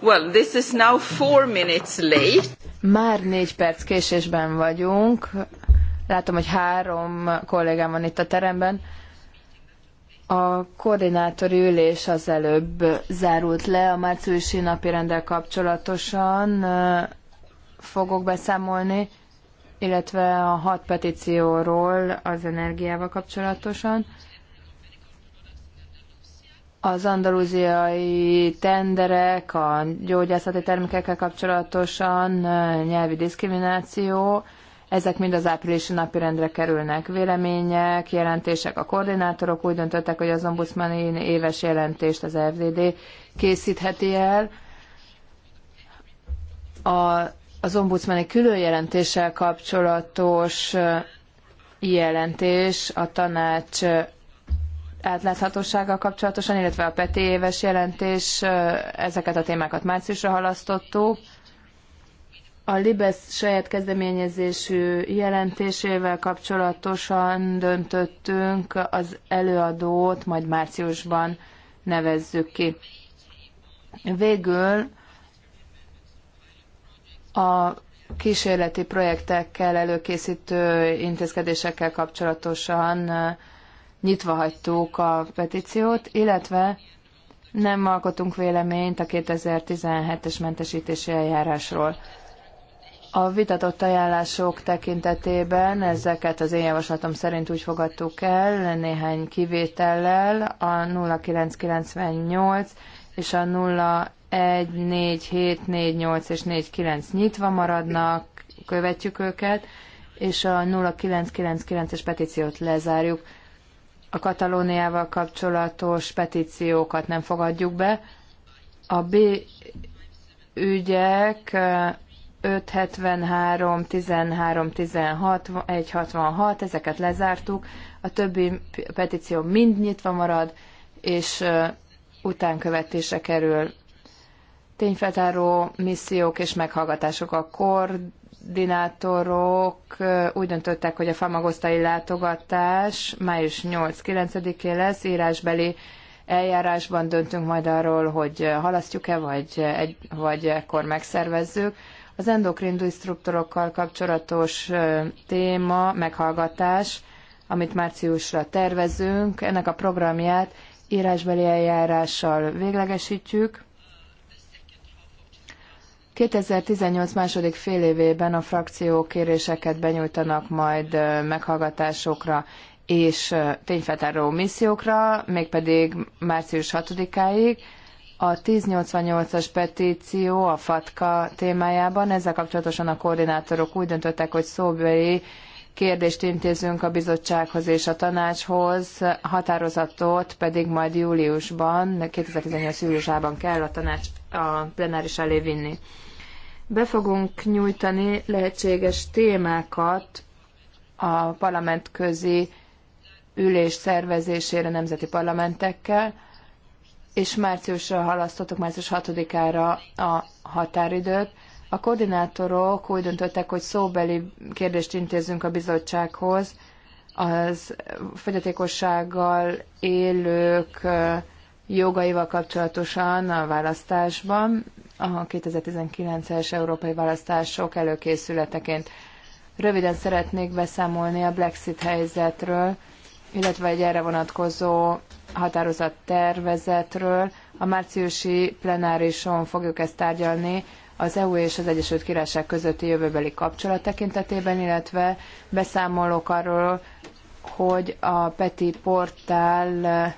Well, this is now four minutes late. Már négy perc késésben vagyunk. Látom, hogy három kollégám van itt a teremben. A koordinátori ülés az előbb zárult le a márciusi napi rendel kapcsolatosan. Fogok beszámolni, illetve a hat petícióról az energiával kapcsolatosan az andalúziai tenderek, a gyógyászati termékekkel kapcsolatosan nyelvi diszkrimináció, ezek mind az áprilisi napirendre kerülnek. Vélemények, jelentések, a koordinátorok úgy döntöttek, hogy az ombudsmani éves jelentést az FDD készítheti el. A, az ombudsmani különjelentéssel kapcsolatos jelentés a tanács átláthatósággal kapcsolatosan, illetve a PETI éves jelentés, ezeket a témákat márciusra halasztottuk. A Libes saját kezdeményezésű jelentésével kapcsolatosan döntöttünk, az előadót majd márciusban nevezzük ki. Végül a kísérleti projektekkel előkészítő intézkedésekkel kapcsolatosan nyitva hagytuk a petíciót, illetve nem alkotunk véleményt a 2017-es mentesítési eljárásról. A vitatott ajánlások tekintetében ezeket az én javaslatom szerint úgy fogadtuk el, néhány kivétellel, a 0998 és a 014748 és 49 nyitva maradnak, követjük őket, és a 0999-es petíciót lezárjuk a Katalóniával kapcsolatos petíciókat nem fogadjuk be. A B ügyek 573, 13, 16, 166, ezeket lezártuk, a többi petíció mind nyitva marad, és utánkövetése kerül. Tényfeltáró missziók és meghallgatások a kord koordinátorok úgy döntöttek, hogy a famagosztai látogatás május 8-9-én lesz, írásbeli eljárásban döntünk majd arról, hogy halasztjuk-e, vagy, egy, vagy ekkor megszervezzük. Az endokrin disruptorokkal kapcsolatos téma, meghallgatás, amit márciusra tervezünk, ennek a programját írásbeli eljárással véglegesítjük 2018 második fél évében a frakciók kéréseket benyújtanak majd meghallgatásokra és tényfeltáró missziókra, mégpedig március 6-áig. A 1088-as petíció a FATKA témájában, ezzel kapcsolatosan a koordinátorok úgy döntöttek, hogy szóbeli kérdést intézünk a bizottsághoz és a tanácshoz, határozatot pedig majd júliusban, 2018 júliusában kell a tanács a plenáris elé vinni. Be fogunk nyújtani lehetséges témákat a parlament közi ülés szervezésére nemzeti parlamentekkel, és márciusra halasztottuk, március 6-ára a határidőt. A koordinátorok úgy döntöttek, hogy szóbeli kérdést intézünk a bizottsághoz, az fogyatékossággal élők jogaival kapcsolatosan a választásban a 2019-es európai választások előkészületeként. Röviden szeretnék beszámolni a Brexit helyzetről, illetve egy erre vonatkozó határozat tervezetről. A márciusi plenárison fogjuk ezt tárgyalni az EU és az Egyesült Királyság közötti jövőbeli kapcsolat tekintetében, illetve beszámolok arról, hogy a Peti portál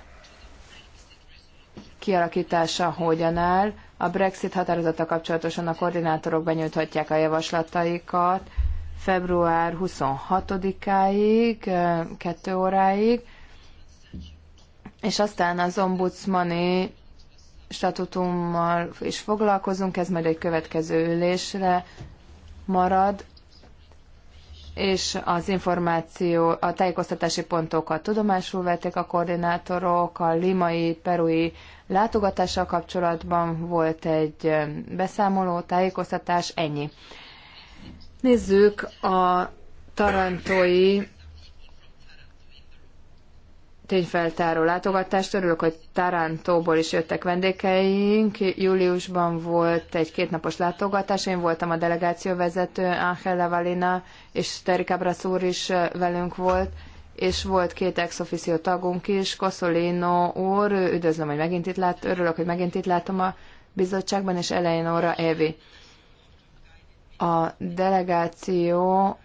kialakítása hogyan áll, a Brexit határozata kapcsolatosan a koordinátorok benyújthatják a javaslataikat február 26-áig, 2 óráig, és aztán az ombudsmani statutummal is foglalkozunk, ez majd egy következő ülésre marad, és az információ, a tájékoztatási pontokat tudomásul vették a koordinátorok, a limai, perui látogatással kapcsolatban volt egy beszámoló, tájékoztatás, ennyi. Nézzük a tarantói tényfeltáró látogatást. Örülök, hogy Tarantóból is jöttek vendégeink. Júliusban volt egy kétnapos látogatás, én voltam a delegáció vezető, Ángel Valina és Terika Brasz is velünk volt és volt két ex officio tagunk is, Koszolino úr, üdvözlöm, hogy megint itt lát, örülök, hogy megint itt látom a bizottságban, és Eleonora Evi. A delegáció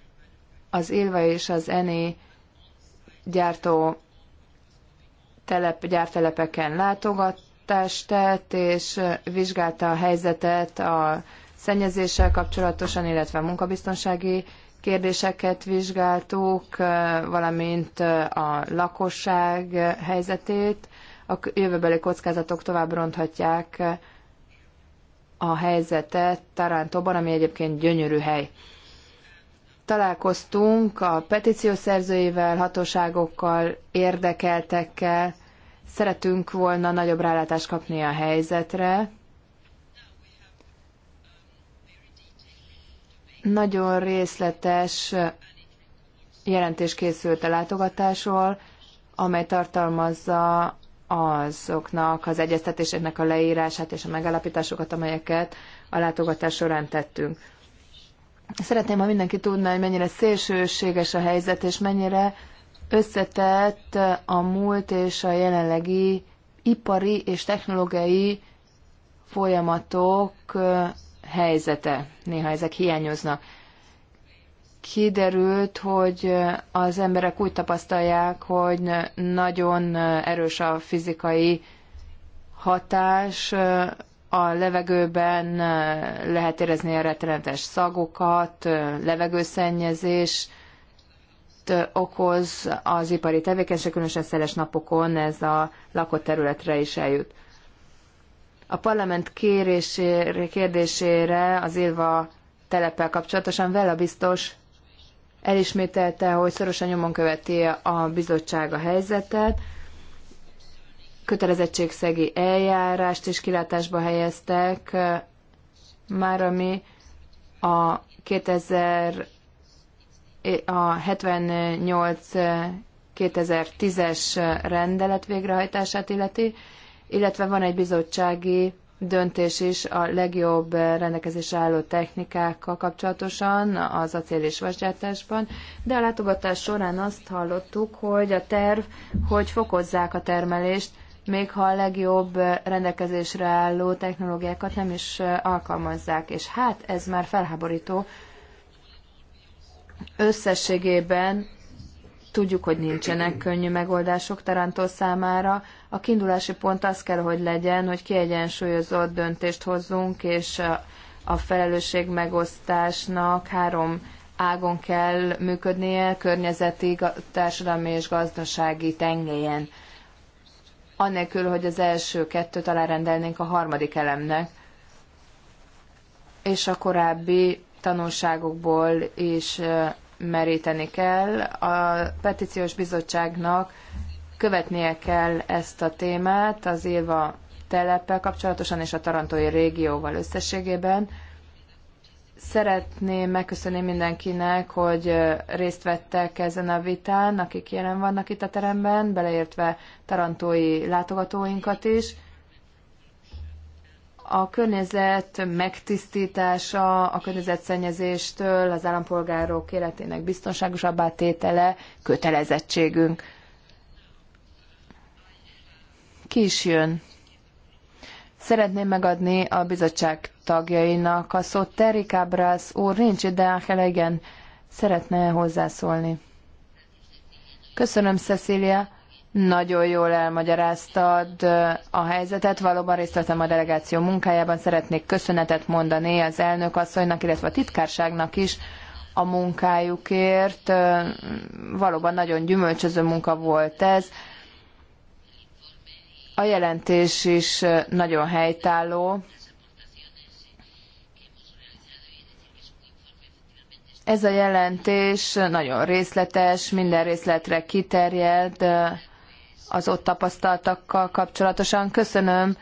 az Ilva és az Eni gyártó telep, gyártelepeken látogatást tett, és vizsgálta a helyzetet a szennyezéssel kapcsolatosan, illetve a munkabiztonsági kérdéseket vizsgáltuk, valamint a lakosság helyzetét. A jövőbeli kockázatok tovább ronthatják a helyzetet Tarantóban, ami egyébként gyönyörű hely. Találkoztunk a petíció szerzőivel, hatóságokkal, érdekeltekkel. Szeretünk volna nagyobb rálátást kapni a helyzetre, Nagyon részletes jelentés készült a látogatásról, amely tartalmazza azoknak az egyeztetéseknek a leírását és a megállapításokat, amelyeket a látogatás során tettünk. Szeretném, ha mindenki tudná, hogy mennyire szélsőséges a helyzet, és mennyire összetett a múlt és a jelenlegi ipari és technológiai folyamatok helyzete. Néha ezek hiányoznak. Kiderült, hogy az emberek úgy tapasztalják, hogy nagyon erős a fizikai hatás, a levegőben lehet érezni a rettenetes szagokat, levegőszennyezés, okoz az ipari tevékenység, különösen szeles napokon ez a lakott területre is eljut. A parlament kérésére, kérdésére az Ilva teleppel kapcsolatosan Vella biztos elismételte, hogy szorosan nyomon követi a bizottság a helyzetet, kötelezettségszegi eljárást is kilátásba helyeztek, már ami a 2000 a 78 2010-es rendelet végrehajtását illeti, illetve van egy bizottsági döntés is a legjobb rendelkezésre álló technikákkal kapcsolatosan az acél és vasgyártásban, de a látogatás során azt hallottuk, hogy a terv, hogy fokozzák a termelést, még ha a legjobb rendelkezésre álló technológiákat nem is alkalmazzák. És hát ez már felháborító. Összességében Tudjuk, hogy nincsenek könnyű megoldások Tarantó számára. A kiindulási pont az kell, hogy legyen, hogy kiegyensúlyozott döntést hozzunk, és a felelősség megosztásnak három ágon kell működnie, környezeti, társadalmi és gazdasági tengelyen. Annélkül, hogy az első kettőt alárendelnénk a harmadik elemnek, és a korábbi tanulságokból is meríteni kell. A petíciós bizottságnak követnie kell ezt a témát az Ilva teleppel kapcsolatosan és a Tarantói régióval összességében. Szeretném megköszönni mindenkinek, hogy részt vettek ezen a vitán, akik jelen vannak itt a teremben, beleértve tarantói látogatóinkat is a környezet megtisztítása, a környezetszennyezéstől, az állampolgárok életének biztonságosabbá tétele kötelezettségünk. Ki is jön? Szeretném megadni a bizottság tagjainak a szót. Terry Cabras úr nincs ide igen, szeretne hozzászólni. Köszönöm, Cecília nagyon jól elmagyaráztad a helyzetet. Valóban részt vettem a delegáció munkájában. Szeretnék köszönetet mondani az elnök asszonynak, illetve a titkárságnak is a munkájukért. Valóban nagyon gyümölcsöző munka volt ez. A jelentés is nagyon helytálló. Ez a jelentés nagyon részletes, minden részletre kiterjed az ott tapasztaltakkal kapcsolatosan. Köszönöm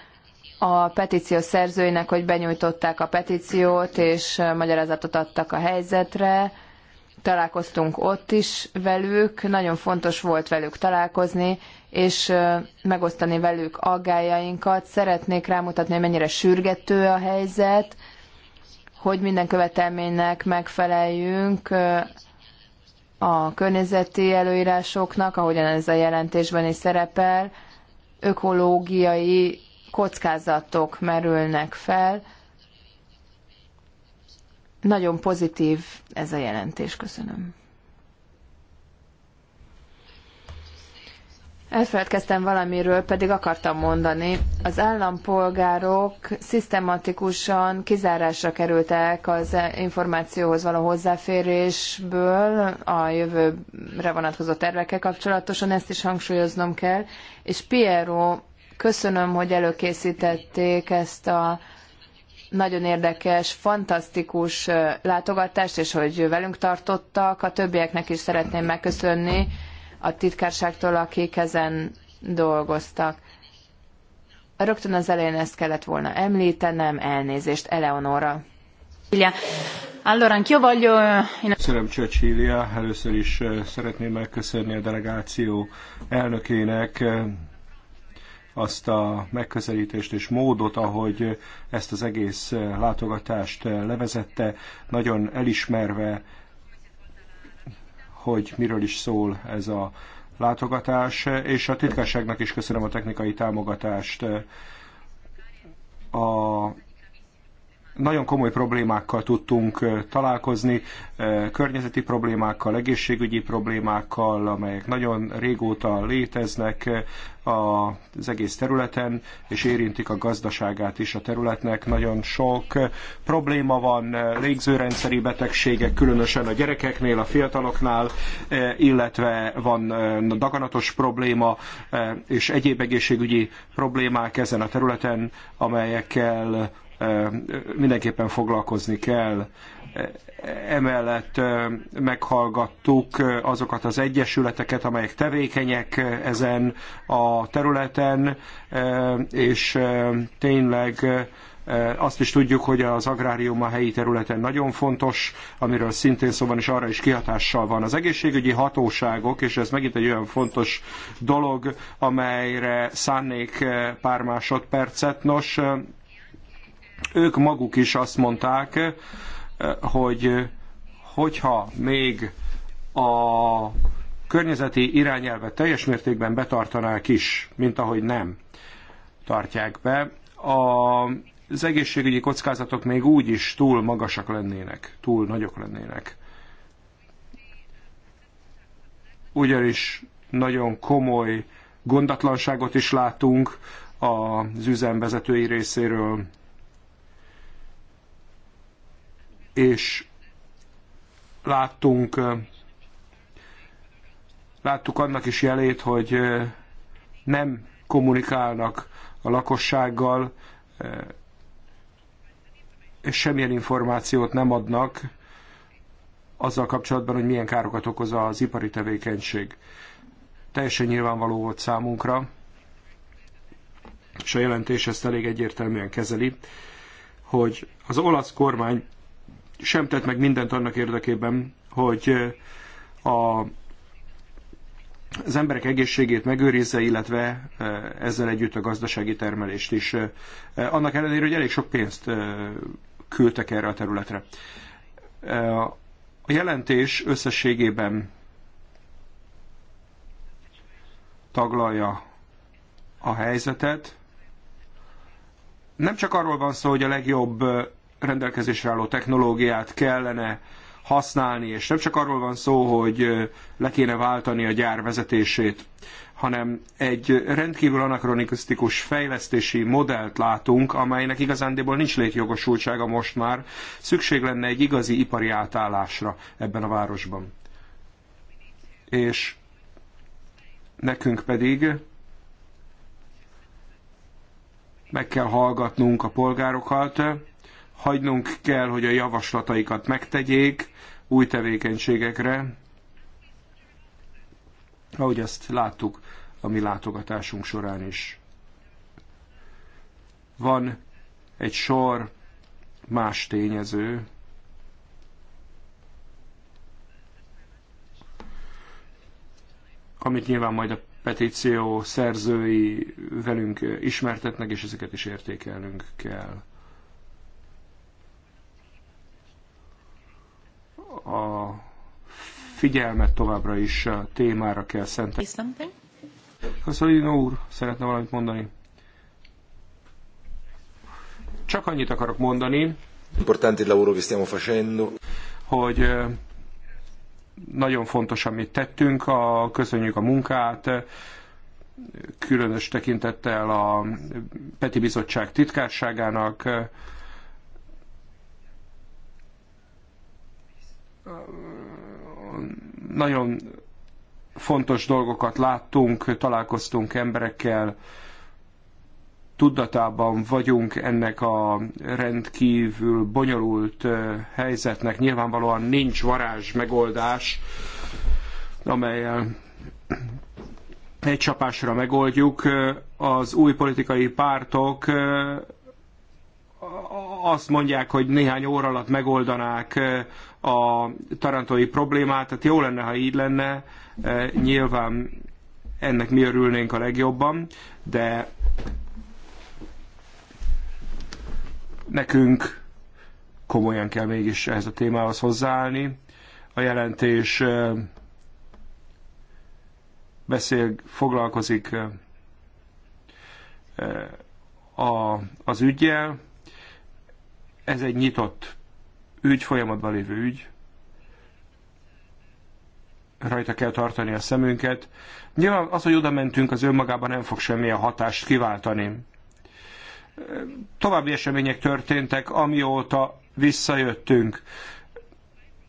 a petíció szerzőinek, hogy benyújtották a petíciót, és magyarázatot adtak a helyzetre. Találkoztunk ott is velük, nagyon fontos volt velük találkozni, és megosztani velük aggájainkat. Szeretnék rámutatni, hogy mennyire sürgető a helyzet, hogy minden követelménynek megfeleljünk, a környezeti előírásoknak, ahogyan ez a jelentésben is szerepel, ökológiai kockázatok merülnek fel. Nagyon pozitív ez a jelentés, köszönöm. Elfeledkeztem valamiről, pedig akartam mondani. Az állampolgárok szisztematikusan kizárásra kerültek az információhoz való hozzáférésből a jövőre vonatkozó tervekkel kapcsolatosan, ezt is hangsúlyoznom kell. És Piero, köszönöm, hogy előkészítették ezt a nagyon érdekes, fantasztikus eh, látogatást, és hogy velünk tartottak. A többieknek is szeretném megköszönni a titkárságtól, akik ezen dolgoztak. Rögtön az elején ezt kellett volna említenem, elnézést, Eleonora. Allora, anch'io voglio... Eh, Köszönöm Csöcsília, először is eh, szeretném megköszönni a delegáció elnökének eh, azt a megközelítést és módot, ahogy ezt az egész látogatást levezette, nagyon elismerve hogy miről is szól ez a látogatás, és a titkárságnak is köszönöm a technikai támogatást. A nagyon komoly problémákkal tudtunk találkozni, környezeti problémákkal, egészségügyi problémákkal, amelyek nagyon régóta léteznek az egész területen, és érintik a gazdaságát is a területnek. Nagyon sok probléma van, légzőrendszeri betegségek, különösen a gyerekeknél, a fiataloknál, illetve van daganatos probléma, és egyéb egészségügyi problémák ezen a területen, amelyekkel mindenképpen foglalkozni kell. Emellett meghallgattuk azokat az egyesületeket, amelyek tevékenyek ezen a területen, és tényleg azt is tudjuk, hogy az agrárium a helyi területen nagyon fontos, amiről szintén szóban is arra is kihatással van. Az egészségügyi hatóságok, és ez megint egy olyan fontos dolog, amelyre szánnék pár másodpercet, nos, ők maguk is azt mondták, eh, hogy eh, hogyha még a környezeti irányelvet teljes mértékben betartanák is, mint ahogy nem tartják be, a, az egészségügyi kockázatok még úgy is túl magasak lennének, túl nagyok lennének. Ugyanis nagyon komoly gondatlanságot is látunk az üzemvezetői részéről, és láttunk láttuk annak is jelét, hogy nem kommunikálnak a lakossággal, és semmilyen információt nem adnak azzal kapcsolatban, hogy milyen károkat okoz az ipari tevékenység. Teljesen nyilvánvaló volt számunkra, és a jelentés ezt elég egyértelműen kezeli, hogy az olasz kormány sem tett meg mindent annak érdekében, hogy a, az emberek egészségét megőrizze, illetve ezzel együtt a gazdasági termelést is. Annak ellenére, hogy elég sok pénzt küldtek erre a területre. A jelentés összességében taglalja a helyzetet. Nem csak arról van szó, hogy a legjobb rendelkezésre álló technológiát kellene használni, és nem csak arról van szó, hogy le kéne váltani a gyár vezetését, hanem egy rendkívül anakronikusztikus fejlesztési modellt látunk, amelynek igazándiból nincs létjogosultsága most már. Szükség lenne egy igazi ipari átállásra ebben a városban. És nekünk pedig meg kell hallgatnunk a polgárokat, hagynunk kell, hogy a javaslataikat megtegyék új tevékenységekre, ahogy azt láttuk a mi látogatásunk során is. Van egy sor más tényező, amit nyilván majd a petíció szerzői velünk ismertetnek, és ezeket is értékelnünk kell. figyelmet továbbra is a témára kell szentelni. Köszönöm, úr, szeretne valamit mondani? Csak annyit akarok mondani, lavoro che stiamo facendo. hogy nagyon fontos, amit tettünk, a, köszönjük a munkát, különös tekintettel a Peti Bizottság titkárságának, nagyon fontos dolgokat láttunk, találkoztunk emberekkel, tudatában vagyunk ennek a rendkívül bonyolult helyzetnek. Nyilvánvalóan nincs varázs megoldás, amelyel egy csapásra megoldjuk. Az új politikai pártok azt mondják, hogy néhány óra alatt megoldanák a tarantói problémát, tehát jó lenne, ha így lenne, e, nyilván ennek mi örülnénk a legjobban, de nekünk komolyan kell mégis ehhez a témához hozzáállni. A jelentés e, beszél, foglalkozik e, a, az ügyjel. Ez egy nyitott ügy, folyamatban lévő ügy, rajta kell tartani a szemünket. Nyilván az, hogy oda mentünk, az önmagában nem fog semmilyen hatást kiváltani. További események történtek, amióta visszajöttünk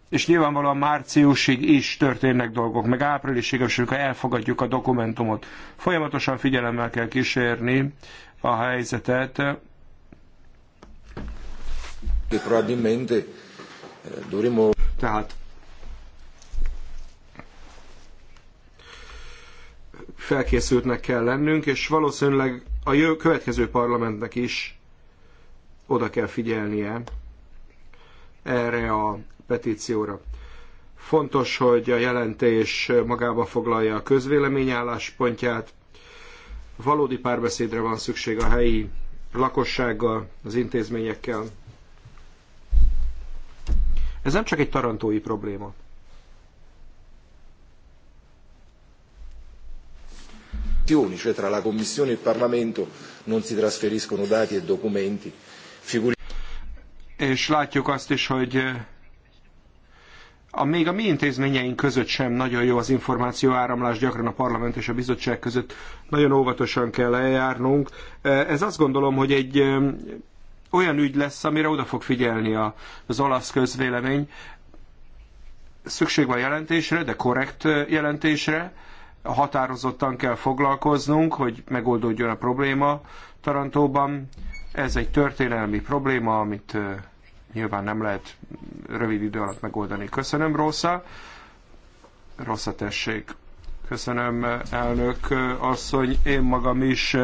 és nyilvánvalóan márciusig is történnek dolgok, meg áprilisig, amikor elfogadjuk a dokumentumot. Folyamatosan figyelemmel kell kísérni a helyzetet. Durimo. Tehát felkészültnek kell lennünk, és valószínűleg a jö, következő parlamentnek is oda kell figyelnie erre a petícióra. Fontos, hogy a jelentés magába foglalja a közvélemény álláspontját. Valódi párbeszédre van szükség a helyi lakossággal, az intézményekkel, ez nem csak egy tarantói probléma. cioè tra la Commissione e il Parlamento non si trasferiscono dati e documenti. Figuri... És látjuk azt is, hogy eh, a, még a mi intézményeink között sem nagyon jó az információ áramlás, gyakran a parlament és a bizottság között nagyon óvatosan kell eljárnunk. Eh, ez azt gondolom, hogy egy eh, olyan ügy lesz, amire oda fog figyelni az olasz közvélemény. Szükség van jelentésre, de korrekt jelentésre. Határozottan kell foglalkoznunk, hogy megoldódjon a probléma Tarantóban. Ez egy történelmi probléma, amit nyilván nem lehet rövid idő alatt megoldani. Köszönöm, Rosa, Rossza, tessék. Köszönöm, elnök asszony. Én magam is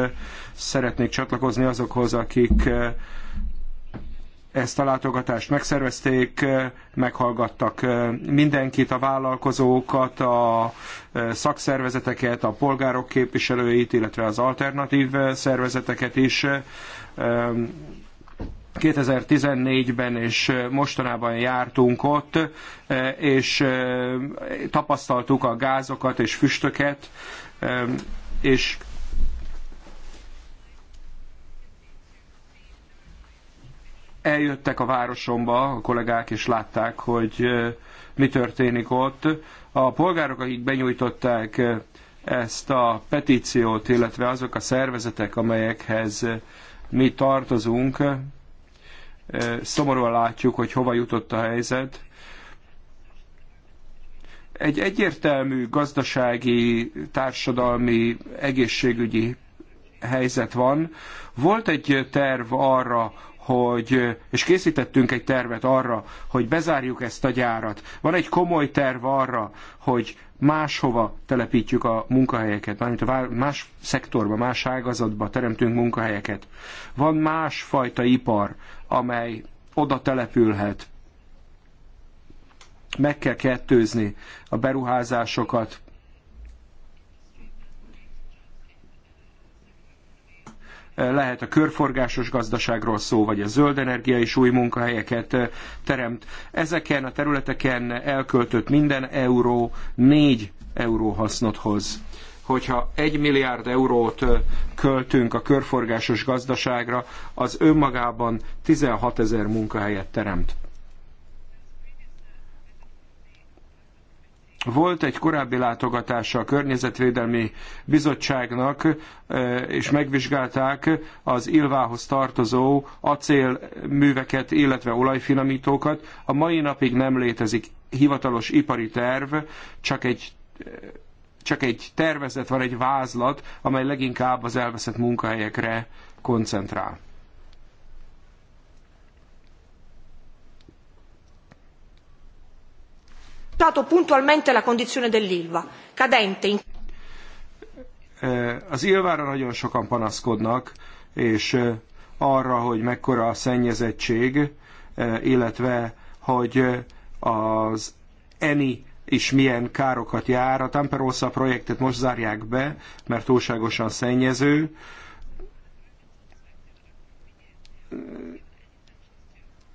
szeretnék csatlakozni azokhoz, akik ezt a látogatást megszervezték, meghallgattak mindenkit, a vállalkozókat, a szakszervezeteket, a polgárok képviselőit, illetve az alternatív szervezeteket is. 2014-ben és mostanában jártunk ott, és tapasztaltuk a gázokat és füstöket, és eljöttek a városomba a kollégák, és látták, hogy mi történik ott. A polgárok, akik benyújtották ezt a petíciót, illetve azok a szervezetek, amelyekhez mi tartozunk, szomorúan látjuk, hogy hova jutott a helyzet. Egy egyértelmű gazdasági, társadalmi, egészségügyi helyzet van. Volt egy terv arra, hogy, és készítettünk egy tervet arra, hogy bezárjuk ezt a gyárat. Van egy komoly terv arra, hogy máshova telepítjük a munkahelyeket, mármint a más szektorba, más ágazatba teremtünk munkahelyeket. Van más fajta ipar, amely oda települhet. Meg kell kettőzni a beruházásokat, lehet a körforgásos gazdaságról szó, vagy a zöld energia is új munkahelyeket eh, teremt. Ezeken a területeken elköltött minden euró 4 euró hasznot hoz hogyha 1 milliárd eurót eh, költünk a körforgásos gazdaságra, az önmagában 16 ezer munkahelyet teremt. Volt egy korábbi látogatása a Környezetvédelmi Bizottságnak, e, és megvizsgálták az Ilvához tartozó acélműveket, illetve olajfinomítókat. A mai napig nem létezik hivatalos ipari terv, csak egy e, csak egy tervezet van, egy vázlat, amely leginkább az elveszett munkahelyekre koncentrál. valutato puntualmente la condizione dell'Ilva, cadente in... Eh, az Ilvára nagyon sokan panaszkodnak, és eh, arra, hogy mekkora a szennyezettség, eh, illetve hogy az ENI is milyen károkat jár. A Tamperosa projektet most zárják be, mert túlságosan szennyező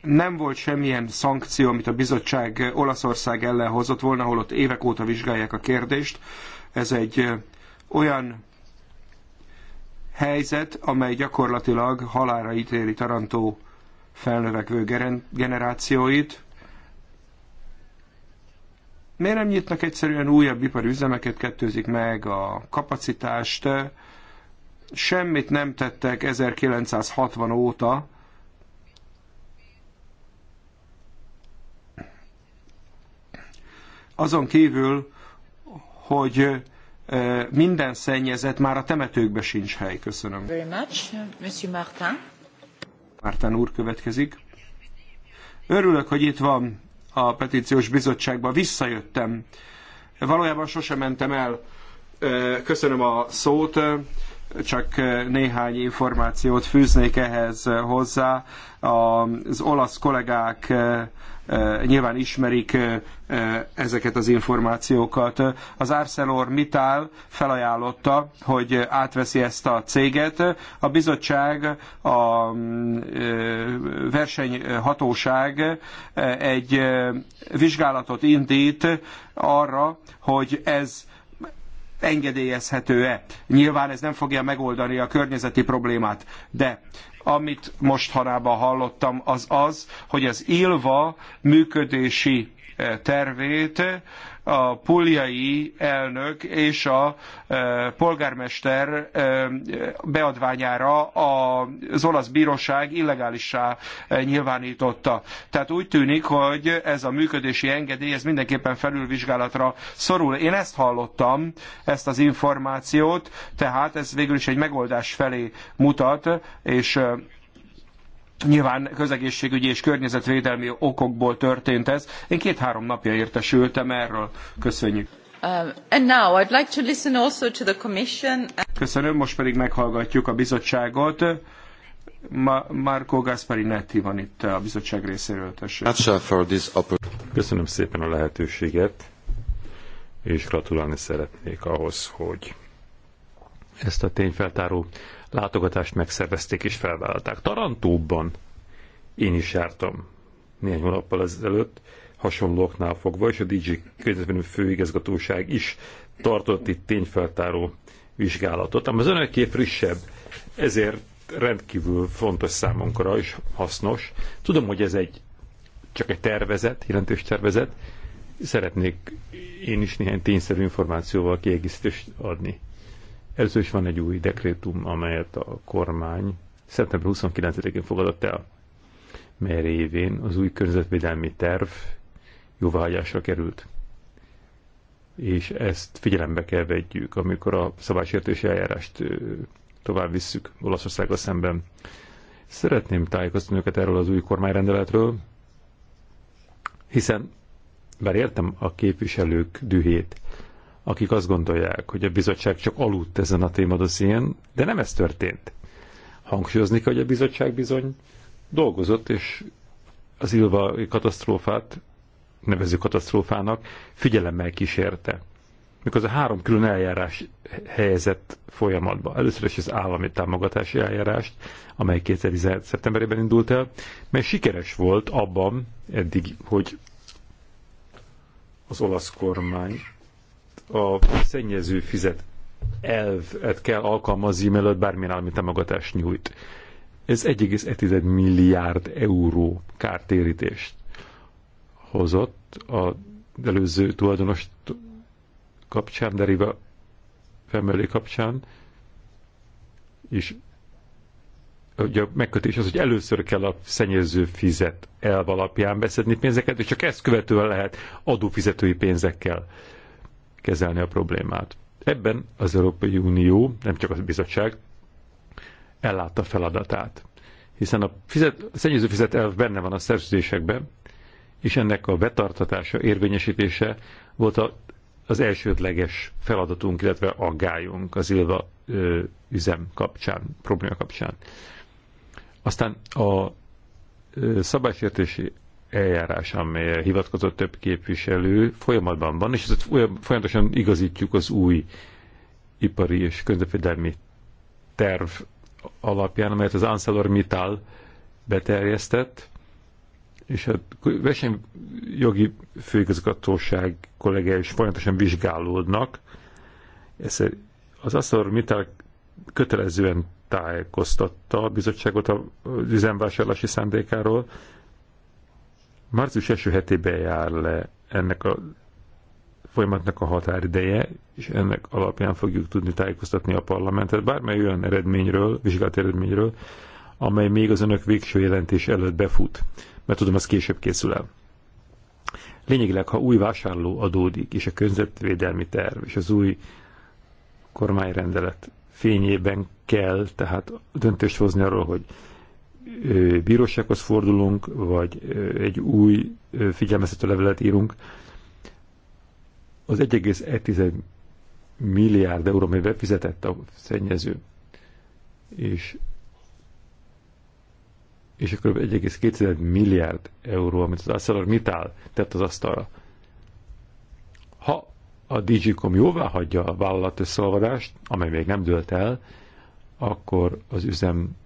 nem volt semmilyen szankció, amit a bizottság Olaszország ellen hozott volna, holott évek óta vizsgálják a kérdést. Ez egy olyan helyzet, amely gyakorlatilag halára ítéli Tarantó felnövekvő generációit. Miért nem nyitnak egyszerűen újabb ipari üzemeket, kettőzik meg a kapacitást? Semmit nem tettek 1960 óta, Azon kívül, hogy eh, minden szennyezet már a temetőkbe sincs hely. Köszönöm. Very much. Monsieur Martin. Martin úr következik. Örülök, hogy itt van a petíciós bizottságban. Visszajöttem. Valójában sosem mentem el. Eh, köszönöm a szót csak eh, néhány információt fűznék ehhez hozzá. Az olasz kollégák nyilván ismerik ezeket az információkat. Az Arcelor Mittal felajánlotta, hogy átveszi ezt a céget. A bizottság, a versenyhatóság egy vizsgálatot indít arra, hogy ez engedélyezhető-e. Nyilván ez nem fogja megoldani a környezeti problémát, de amit mostanában hallottam, az az, hogy az Ilva működési eh, tervét a puljai elnök és a e, polgármester e, beadványára az olasz bíróság illegálissá e, nyilvánította. Tehát úgy tűnik, hogy ez a működési engedély, ez mindenképpen felülvizsgálatra szorul. Én ezt hallottam, ezt az információt, tehát ez végül is egy megoldás felé mutat, és Nyilván közegészségügyi és környezetvédelmi okokból történt ez. Én két-három napja értesültem erről. Köszönjük. Köszönöm, most pedig meghallgatjuk a bizottságot. Ma Marco Gasparinetti van itt a bizottság részéről, tessék. Uh, Köszönöm szépen a lehetőséget, és gratulálni szeretnék ahhoz, hogy ezt a tényfeltáró látogatást megszervezték és felvállalták. Tarantóban én is jártam néhány hónappal ezelőtt, hasonlóknál fogva, és a DJ közvetlenül főigazgatóság is tartott itt tényfeltáró vizsgálatot. Ám az önöké frissebb, ezért rendkívül fontos számunkra és hasznos. Tudom, hogy ez egy csak egy tervezet, jelentős tervezet. Szeretnék én is néhány tényszerű információval kiegészítést adni. Először is van egy új dekrétum, amelyet a kormány szeptember 29-én fogadott el, mely révén az új környezetvédelmi terv jóváhagyásra került. És ezt figyelembe kell vegyük, amikor a szabálysértési eljárást tovább visszük Olaszországgal szemben. Szeretném tájékoztatni őket erről az új kormányrendeletről, hiszen bár értem a képviselők dühét, akik azt gondolják, hogy a bizottság csak aludt ezen a témadoszén, de nem ez történt. Hangsúlyozni kell, hogy a bizottság bizony dolgozott, és az Ilva katasztrófát, nevező katasztrófának, figyelemmel kísérte. Mikor az a három külön eljárás helyezett folyamatba. Először is az állami támogatási eljárást, amely 2017. szeptemberében indult el, mely sikeres volt abban eddig, hogy az olasz kormány a szennyező fizet elvet kell alkalmazni, mielőtt bármilyen állami támogatást nyújt. Ez 1,1 milliárd euró kártérítést hozott az előző tulajdonos kapcsán, Deriva Family kapcsán, és ugye a megkötés az, hogy először kell a szennyező fizet elv alapján beszedni pénzeket, és csak ezt követően lehet adófizetői pénzekkel kezelni a problémát. Ebben az Európai Unió, nem csak a bizottság, ellátta feladatát. Hiszen a, fizet, a szennyező fizet elv benne van a szerződésekben, és ennek a betartatása, érvényesítése volt a, az elsődleges feladatunk, illetve aggályunk az Ilva ö, üzem kapcsán, probléma kapcsán. Aztán a szabálysértési eljárás, amely hivatkozott több képviselő, folyamatban van, és ezt folyamatosan igazítjuk az új ipari és közlekedelmi terv alapján, amelyet az ArcelorMittal beterjesztett, és a hát versenyjogi főigazgatóság kollégái is folyamatosan vizsgálódnak. Ez az ArcelorMittal kötelezően tájékoztatta a bizottságot az üzemvásárlási szándékáról, Március első hetében jár le ennek a folyamatnak a határideje, és ennek alapján fogjuk tudni tájékoztatni a parlamentet bármely olyan eredményről, vizsgált eredményről, amely még az önök végső jelentés előtt befut, mert tudom, az később készül el. Lényegileg, ha új vásárló adódik, és a környezetvédelmi terv, és az új kormányrendelet fényében kell tehát döntést hozni arról, hogy bírósághoz fordulunk, vagy egy új figyelmeztető levelet írunk, az 1,1 milliárd euró, amivel fizetett a szennyező, és, és akkor 1,2 milliárd euró, amit az ArcelorMittal tett az asztalra. Ha a DigiCom jóvá hagyja a vállalat összeolvadást, amely még nem dőlt el, akkor az üzem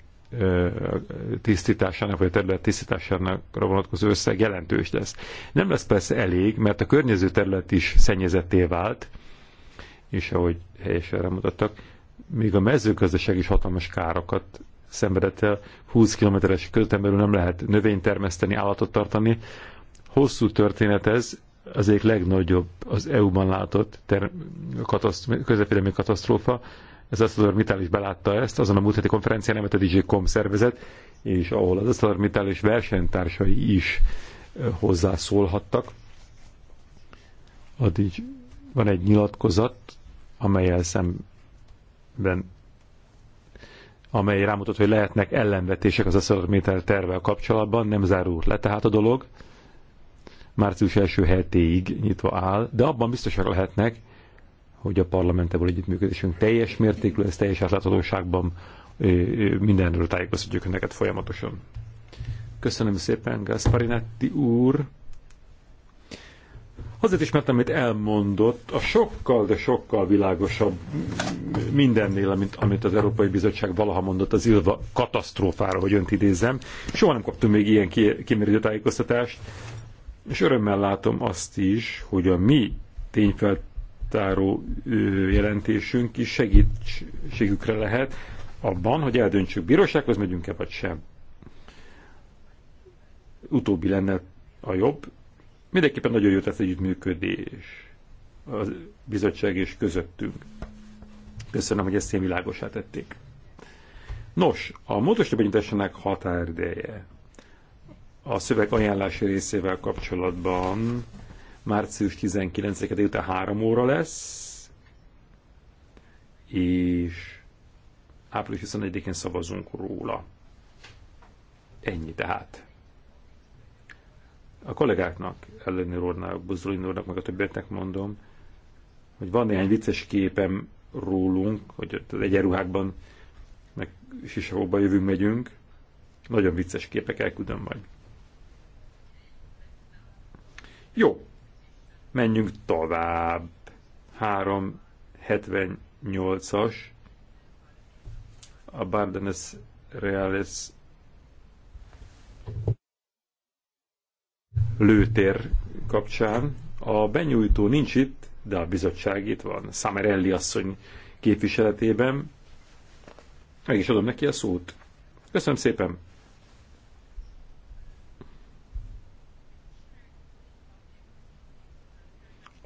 tisztításának, vagy a terület tisztításának vonatkozó összeg jelentős lesz. Nem lesz persze elég, mert a környező terület is szennyezetté vált, és ahogy helyesen remutattak, még a mezőgazdaság is hatalmas károkat szenvedett el, 20 kilométeres közöttem belül nem lehet növényt termeszteni, állatot tartani. Hosszú történet ez, az egyik legnagyobb az EU-ban látott ter- katasztr- közepélemi katasztrófa, az ArcelorMittal is belátta ezt, azon a múlt heti konferencián, amit a Com szervezett, és ahol az ArcelorMittal és versenytársai is hozzászólhattak. Addig van egy nyilatkozat, amelyel szemben amely rámutat, hogy lehetnek ellenvetések az ArcelorMittal tervel kapcsolatban, nem zárult le tehát a dolog, március első hetéig nyitva áll, de abban biztosak lehetnek, hogy a parlamentevel együttműködésünk teljes mértékű, ez teljes átláthatóságban mindenről tájékoztatjuk önöket folyamatosan. Köszönöm szépen, Gasparinetti úr. Azért is, mert amit elmondott, a sokkal, de sokkal világosabb mindennél, amit, amit az Európai Bizottság valaha mondott az Ilva katasztrófára, hogy önt idézem. Soha nem kaptunk még ilyen kimerítő tájékoztatást, és örömmel látom azt is, hogy a mi tényfelt táró jelentésünk is segítségükre lehet abban, hogy eldöntsük, bírósághoz megyünk-e vagy sem. Utóbbi lenne a jobb. Mindenképpen nagyon jót tesz együttműködés a bizottság és közöttünk. Köszönöm, hogy ezt ilyen világosá tették. Nos, a módosító benyújtásának határideje a szöveg ajánlási részével kapcsolatban március 19-e délután 3 óra lesz, és április 21-én szavazunk róla. Ennyi tehát. A kollégáknak, Elleni Rornak, Buzolin meg a többieknek mondom, hogy van néhány vicces képem rólunk, hogy az egyenruhákban, meg sisakokba jövünk, megyünk. Nagyon vicces képek elküldöm majd. Jó, Menjünk tovább. 378-as. A Bardenes Reales lőtér kapcsán. A benyújtó nincs itt, de a bizottság itt van. Samerelli asszony képviseletében. Meg is adom neki a szót. Köszönöm szépen!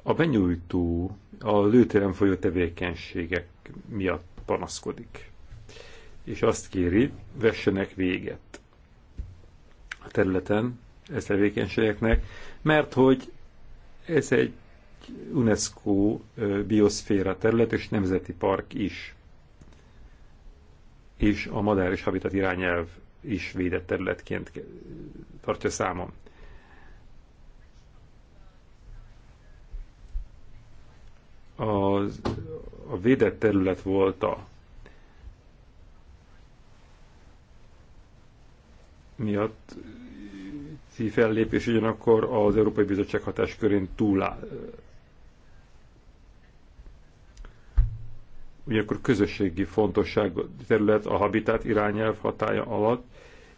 a benyújtó a lőtéren folyó tevékenységek miatt panaszkodik, és azt kéri, vessenek véget a területen ez tevékenységeknek, mert hogy ez egy UNESCO bioszféra terület és nemzeti park is, és a madár és habitat irányelv is védett területként tartja számon. a, a védett terület volt a miatt fellépés ugyanakkor az Európai Bizottság hatáskörén túláll. Ugyanakkor közösségi fontosság terület a habitat irányelv hatája alatt,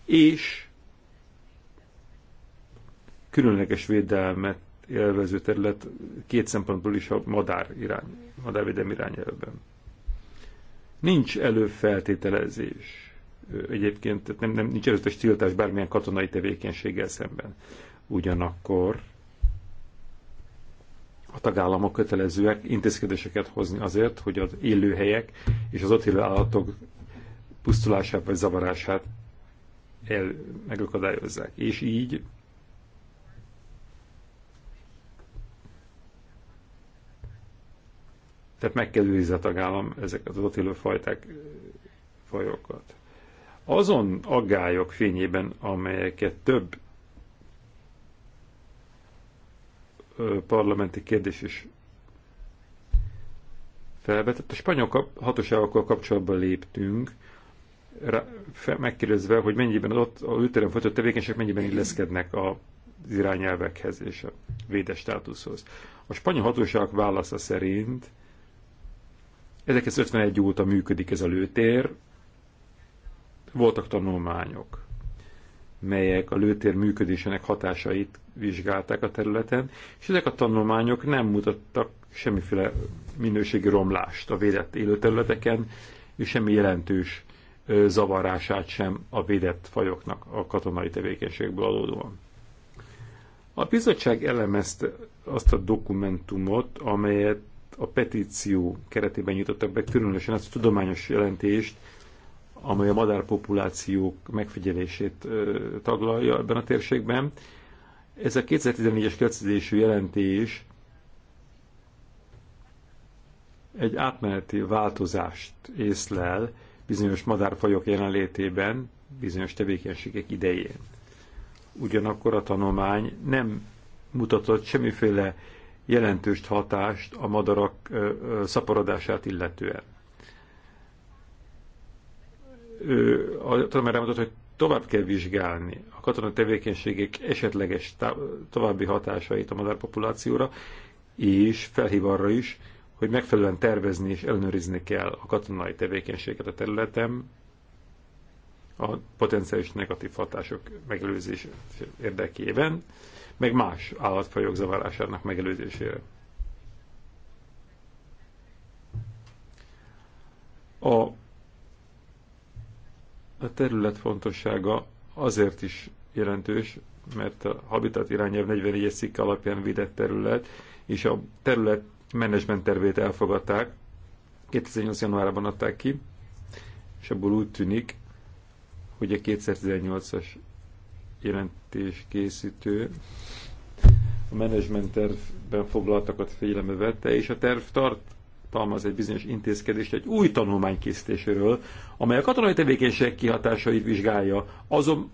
és különleges védelmet élvező terület két szempontból is a madár irány, madárvédelmi irányelvben. Nincs előfeltételezés. Egyébként tehát nem, nem, nincs előzetes tiltás bármilyen katonai tevékenységgel szemben. Ugyanakkor a tagállamok kötelezőek intézkedéseket hozni azért, hogy az élőhelyek és az ott élő állatok pusztulását vagy zavarását el, megakadályozzák. És így Tehát meg kell őrizni a tagállam ezeket az ott élő fajták, fajokat. Azon aggályok fényében, amelyeket több parlamenti kérdés is felvetett. A spanyol hatóságokkal kapcsolatban léptünk, megkérdezve, hogy mennyiben az ott a ülteren folytott tevékenységek mennyiben illeszkednek az irányelvekhez és a védes státuszhoz. A spanyol hatóság válasza szerint 1951 óta működik ez a lőtér. Voltak tanulmányok, melyek a lőtér működésének hatásait vizsgálták a területen, és ezek a tanulmányok nem mutattak semmiféle minőségi romlást a védett élőterületeken, és semmi jelentős zavarását sem a védett fajoknak a katonai tevékenységből adódóan. A bizottság elemezte azt a dokumentumot, amelyet a petíció keretében nyitottak be különösen azt a tudományos jelentést, amely a madárpopulációk megfigyelését taglalja ebben a térségben. Ez a 2014-es kezdődésű jelentés egy átmeneti változást észlel bizonyos madárfajok jelenlétében, bizonyos tevékenységek idején. Ugyanakkor a tanulmány nem mutatott semmiféle jelentős hatást a madarak szaporodását illetően. A tanulmány rámutat, hogy tovább kell vizsgálni a katonai tevékenységek esetleges további hatásait a madárpopulációra, és felhív arra is, hogy megfelelően tervezni és ellenőrizni kell a katonai tevékenységet a területen, a potenciális negatív hatások megelőzés érdekében meg más állatfajok zavarásának megelőzésére. A, a terület fontossága azért is jelentős, mert a Habitat irányelv 44-es cikk alapján védett terület, és a terület menedzsment tervét elfogadták, 2008. januárban adták ki, és abból úgy tűnik, hogy a 2018-as jelentés készítő a menedzsment tervben foglaltakat figyelembe vette, és a terv tartalmaz egy bizonyos intézkedést egy új tanulmány készítéséről, amely a katonai tevékenység kihatásait vizsgálja azon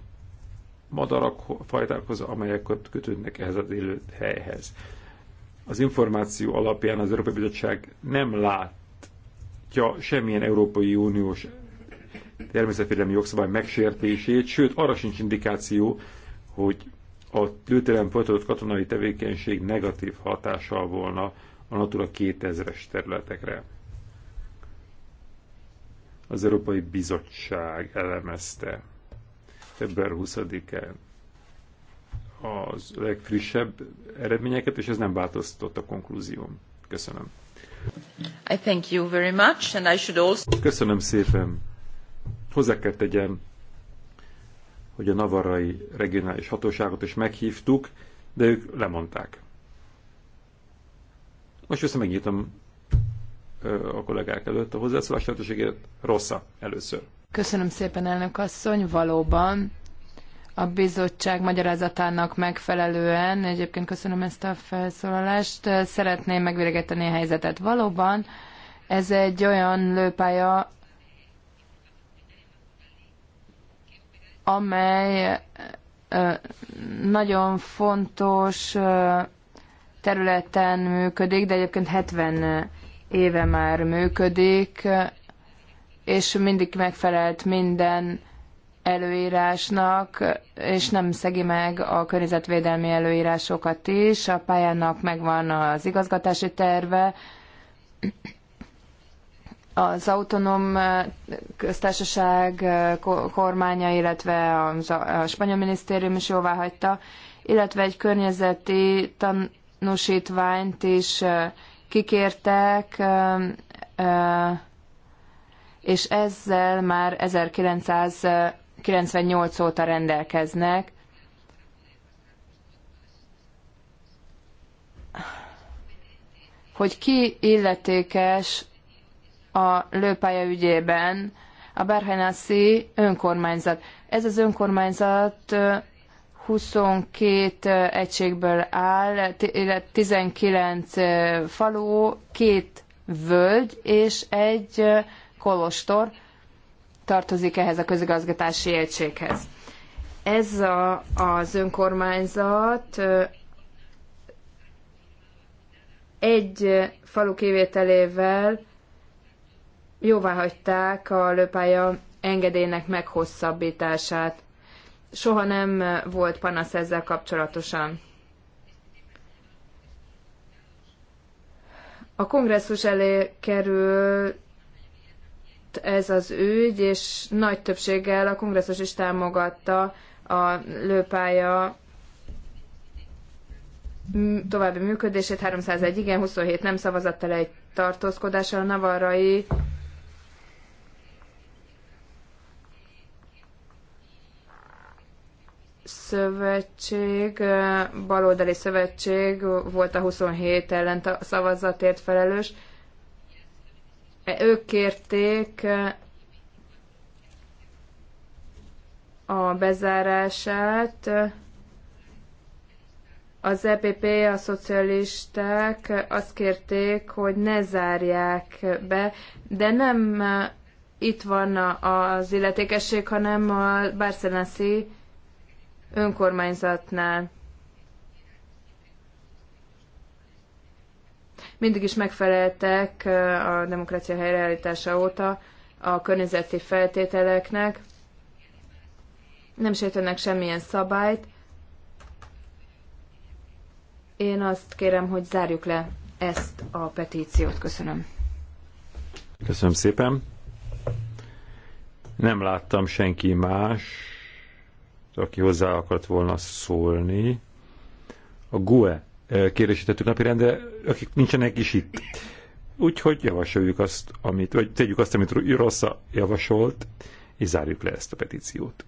madarak fajtákhoz, amelyek kötődnek ehhez az helyhez Az információ alapján az Európai Bizottság nem látja semmilyen Európai Uniós természetvédelmi jogszabály megsértését, sőt arra sincs indikáció, hogy a lőtéren folytatott katonai tevékenység negatív hatással volna a Natura 2000-es területekre. Az Európai Bizottság elemezte február 20-án az legfrissebb eredményeket, és ez nem változtatott a konklúzióm. Köszönöm. I thank you very much, and I should also... Köszönöm szépen. Hozzá kell tegyem, hogy a navarrai regionális hatóságot is meghívtuk, de ők lemondták. Most össze megnyitom a kollégák előtt a hozzászólás lehetőségét. Rossza először. Köszönöm szépen, elnök asszony. Valóban a bizottság magyarázatának megfelelően, egyébként köszönöm ezt a felszólalást, szeretném megvilegíteni a helyzetet. Valóban ez egy olyan lőpálya, amely nagyon fontos területen működik, de egyébként 70 éve már működik, és mindig megfelelt minden előírásnak, és nem szegi meg a környezetvédelmi előírásokat is. A pályának megvan az igazgatási terve, az autonóm eh, köztársaság eh, kormánya, illetve a spanyol minisztérium is jóvá hagyta, illetve egy környezeti tanúsítványt is eh, kikértek, és ezzel már 1998 óta rendelkeznek. Hogy ki illetékes a lőpálya ügyében a Berhenászi önkormányzat. Ez az önkormányzat 22 egységből áll, 19 falu, két völgy és egy kolostor tartozik ehhez a közigazgatási egységhez. Ez a, az önkormányzat egy falu kivételével jóvá hagyták a lőpálya engedélynek meghosszabbítását. Soha nem volt panasz ezzel kapcsolatosan. A kongresszus elé került ez az ügy, és nagy többséggel a kongresszus is támogatta a lőpálya további működését, 301 igen, 27 nem szavazattal egy tartózkodással a navarrai szövetség, baloldali szövetség volt a 27 ellen szavazatért felelős. E, ők kérték a bezárását. Az EPP, a szocialisták azt kérték, hogy ne zárják be, de nem itt van az illetékesség, hanem a Barcelonasi önkormányzatnál. Mindig is megfeleltek a demokrácia helyreállítása óta a környezeti feltételeknek, nem sértenek semmilyen szabályt. Én azt kérem, hogy zárjuk le ezt a petíciót. Köszönöm. Köszönöm szépen. Nem láttam senki más aki hozzá akart volna szólni. A GUE eh, kérdésítettük rendre, akik nincsenek is itt. Úgyhogy javasoljuk azt, amit, vagy tegyük azt, amit Rossza javasolt, és zárjuk le ezt a petíciót.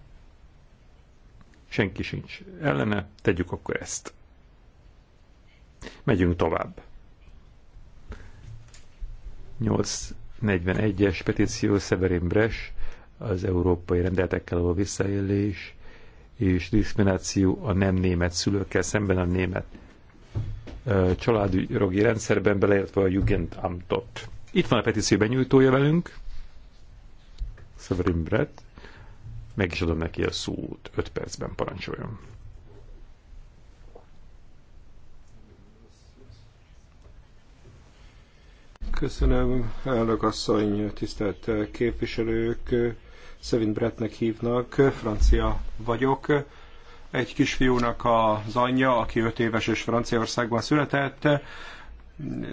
Senki sincs ellene, tegyük akkor ezt. Megyünk tovább. 841-es petíció Severin Bres, az európai rendeletekkel való visszaélés, és diszkrimináció a nem német szülőkkel szemben a német családügyi rendszerben, beleértve a Jugendamtot. Itt van a petíció benyújtója velünk, Severin Brett. Meg is adom neki a szót, 5 percben parancsoljon. Köszönöm, elnök asszony, tisztelt képviselők. Szevin Brettnek hívnak, francia vagyok. Egy kisfiúnak az anyja, aki öt éves és Franciaországban született.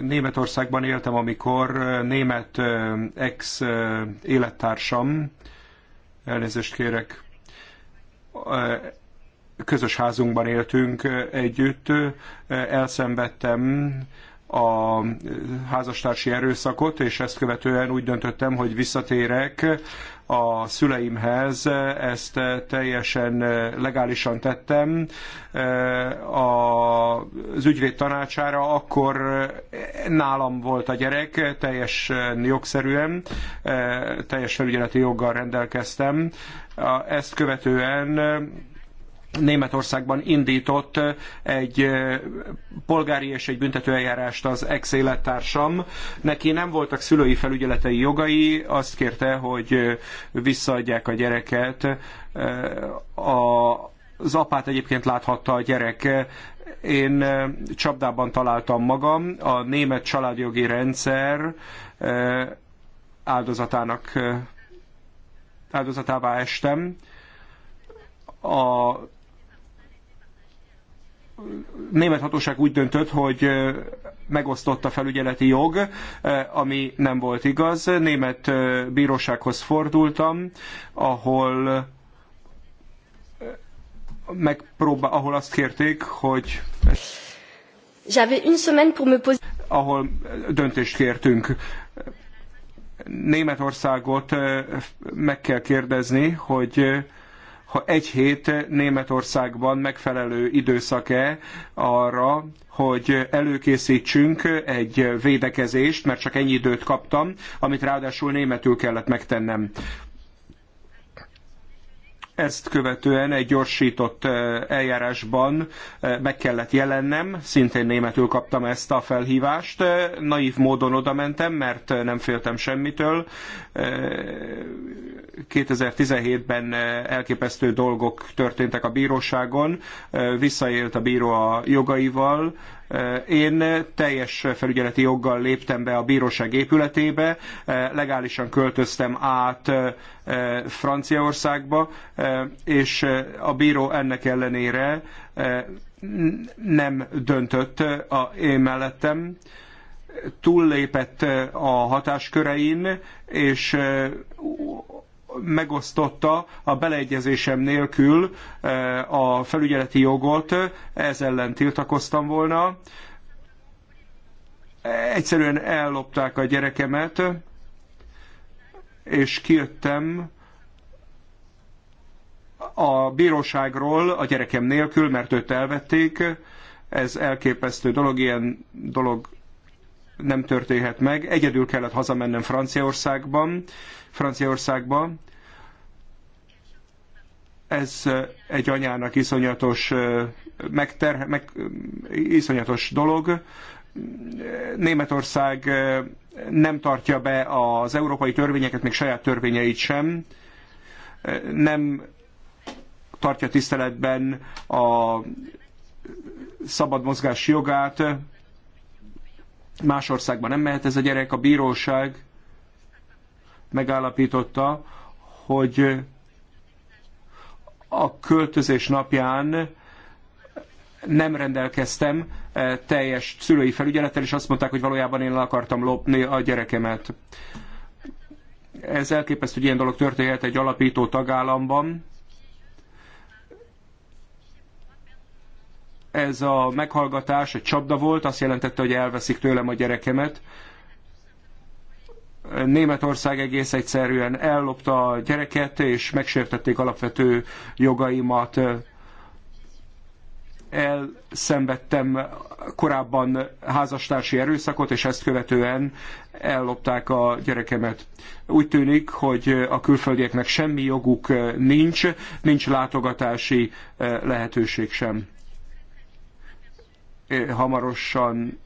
Németországban éltem, amikor német ex élettársam, elnézést kérek, közös házunkban éltünk együtt, elszenvedtem a házastársi erőszakot, és ezt követően úgy döntöttem, hogy visszatérek a szüleimhez, ezt teljesen legálisan tettem az ügyvéd tanácsára, akkor nálam volt a gyerek, teljesen jogszerűen, teljes felügyeleti joggal rendelkeztem. Ezt követően Németországban indított eh, egy eh, polgári és egy büntetőeljárást az ex élettársam. Neki nem voltak szülői felügyeletei jogai, azt kérte, hogy eh, visszaadják a gyereket. Az apát egyébként láthatta a gyerek. Én csapdában találtam magam, a német családjogi rendszer áldozatának áldozatává estem. A német hatóság úgy döntött, hogy megosztott a felügyeleti jog, ami nem volt igaz. Német bírósághoz fordultam, ahol megpróbál, ahol azt kérték, hogy J'avais une semaine pour me poser ahol döntést kértünk. Németországot meg kell kérdezni, hogy ha egy hét Németországban megfelelő időszak-e arra, hogy előkészítsünk egy védekezést, mert csak ennyi időt kaptam, amit ráadásul németül kellett megtennem ezt követően egy gyorsított eh, eljárásban eh, meg kellett jelennem, szintén németül kaptam ezt a felhívást, eh, naív módon odamentem, mert nem féltem semmitől. 2017-ben elképesztő dolgok történtek a bíróságon, visszaélt a bíró a jogaival, én teljes felügyeleti joggal léptem be a bíróság épületébe, legálisan költöztem át Franciaországba, és a bíró ennek ellenére nem döntött a, én mellettem, túllépett a hatáskörein, és megosztotta a beleegyezésem nélkül eh, a felügyeleti jogot, ez ellen tiltakoztam volna. Egyszerűen ellopták a gyerekemet, és kijöttem a bíróságról a gyerekem nélkül, mert őt elvették. Ez elképesztő dolog, ilyen dolog nem történhet meg. Egyedül kellett hazamennem Franciaországban, Franciaországban. Ez egy anyának iszonyatos, megter, meg, iszonyatos dolog. Németország nem tartja be az európai törvényeket, még saját törvényeit sem. Nem tartja tiszteletben a szabad mozgás jogát. Más országban nem mehet ez a gyerek. A bíróság megállapította, hogy a költözés napján nem rendelkeztem eh, teljes szülői felügyelettel, és azt mondták, hogy valójában én akartam lopni a gyerekemet. Ez elképesztő, hogy ilyen dolog történhet egy alapító tagállamban. Ez a meghallgatás egy csapda volt, azt jelentette, hogy elveszik tőlem a gyerekemet. Németország egész egyszerűen ellopta a gyereket, és megsértették alapvető jogaimat. Elszenvedtem korábban házastársi erőszakot, és ezt követően ellopták a gyerekemet. Úgy tűnik, hogy a külföldieknek semmi joguk nincs, nincs látogatási lehetőség sem. Hamarosan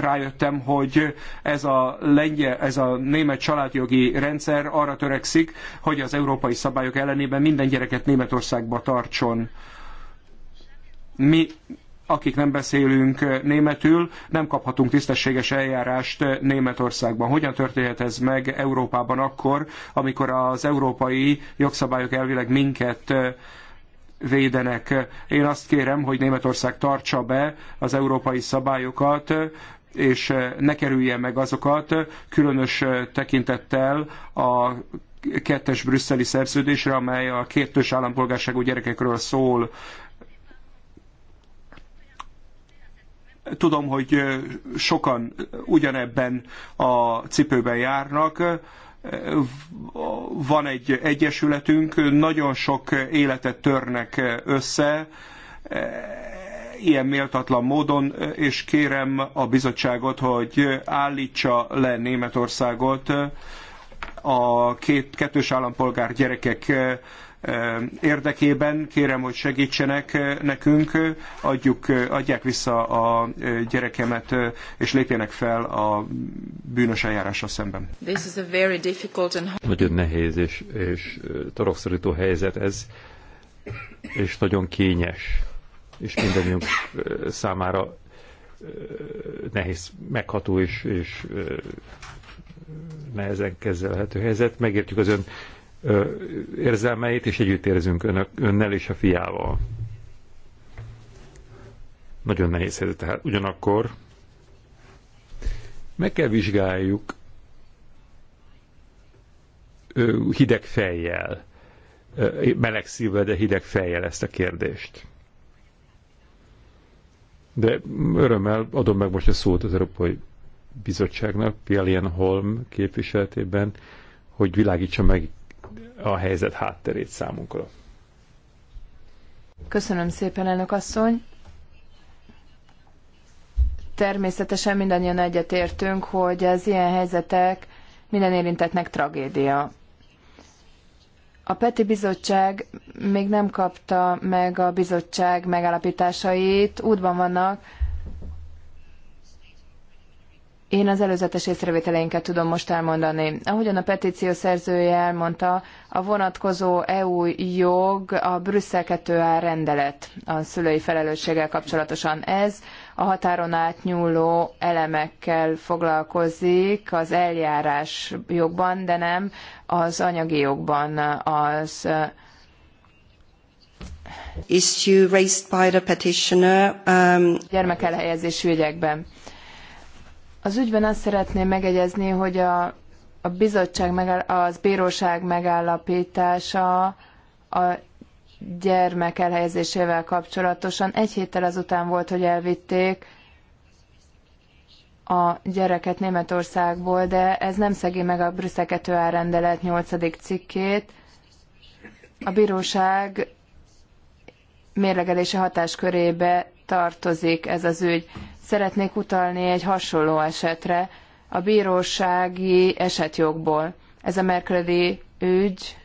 rájöttem, hogy ez a, lengyel, ez a német családjogi rendszer arra törekszik, hogy az európai szabályok ellenében minden gyereket Németországba tartson. Mi akik nem beszélünk németül, nem kaphatunk tisztességes eljárást Németországban. Hogyan történhet ez meg Európában akkor, amikor az európai jogszabályok elvileg minket védenek. Én azt kérem, hogy Németország tartsa be az európai szabályokat, és ne kerülje meg azokat, különös tekintettel a kettes brüsszeli szerződésre, amely a kettős állampolgárságú gyerekekről szól. Tudom, hogy sokan ugyanebben a cipőben járnak, van egy egyesületünk, nagyon sok életet törnek össze, ilyen méltatlan módon, és kérem a bizottságot, hogy állítsa le Németországot a két, kettős állampolgár gyerekek Eh, érdekében. Kérem, hogy segítsenek eh, nekünk, adjuk, eh, adják vissza a gyerekemet, és lépjenek fel a bűnös eljárással szemben. This is a very difficult and... Nagyon nehéz és, és torokszorító helyzet ez, és nagyon kényes, és mindenünk számára nehéz, megható és, és nehezen kezelhető helyzet. Megértjük az ön érzelmeit, és együtt érzünk önök, önnel és a fiával. Nagyon nehéz helyzet, tehát ugyanakkor meg kell vizsgáljuk hideg fejjel, meleg szívvel, de hideg fejjel ezt a kérdést. De örömmel adom meg most a szót az Európai Bizottságnak, Pialien Holm képviseletében, hogy világítsa meg a helyzet hátterét számunkra. Köszönöm szépen, elnök asszony. Természetesen mindannyian egyetértünk, hogy az ilyen helyzetek minden érintetnek tragédia. A Peti Bizottság még nem kapta meg a bizottság megállapításait, útban vannak, én az előzetes észrevételeinket tudom most elmondani. Ahogyan a petíció szerzője elmondta, a vonatkozó EU jog a Brüsszel 2A rendelet a szülői felelősséggel kapcsolatosan. Ez a határon átnyúló elemekkel foglalkozik az eljárás jogban, de nem az anyagi jogban az issue raised by the petitioner um, gyermekelhelyezésű ügyekben. Az ügyben azt szeretném megegyezni, hogy a, a bizottság, megáll, az bíróság megállapítása a gyermek elhelyezésével kapcsolatosan egy héttel azután volt, hogy elvitték a gyereket Németországból, de ez nem szegi meg a Brüsszel 2 rendelet 8. cikkét. A bíróság mérlegelési hatáskörébe tartozik ez az ügy. Szeretnék utalni egy hasonló esetre a bírósági esetjogból. Ez a Merkredi ügy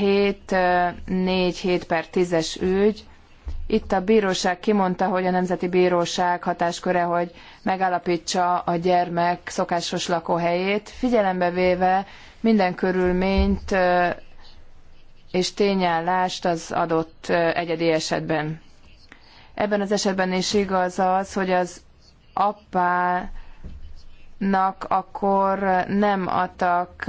7-4-7 per 10-es ügy. Itt a bíróság kimondta, hogy a Nemzeti Bíróság hatásköre, hogy megállapítsa a gyermek szokásos lakóhelyét, figyelembe véve minden körülményt és tényállást az adott egyedi esetben. Ebben az esetben is igaz az, hogy az apának akkor nem adtak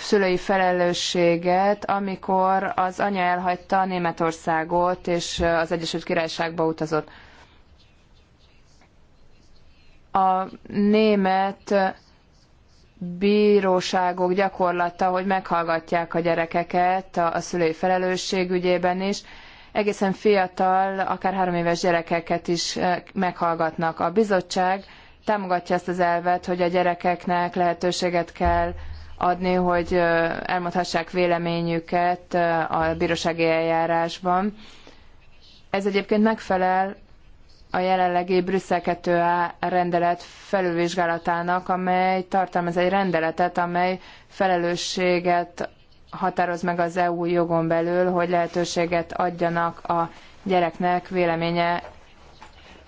szülői felelősséget, amikor az anya elhagyta Németországot és az Egyesült Királyságba utazott. A német bíróságok gyakorlata, hogy meghallgatják a gyerekeket a szülői felelősség ügyében is, egészen fiatal, akár három éves gyerekeket is eh, meghallgatnak. A bizottság támogatja ezt az elvet, hogy a gyerekeknek lehetőséget kell adni, hogy eh, elmondhassák véleményüket eh, a bírósági eljárásban. Ez egyébként megfelel a jelenlegi Brüsszel 2A rendelet felülvizsgálatának, amely tartalmaz egy rendeletet, amely felelősséget határoz meg az EU jogon belül, hogy lehetőséget adjanak a gyereknek véleménye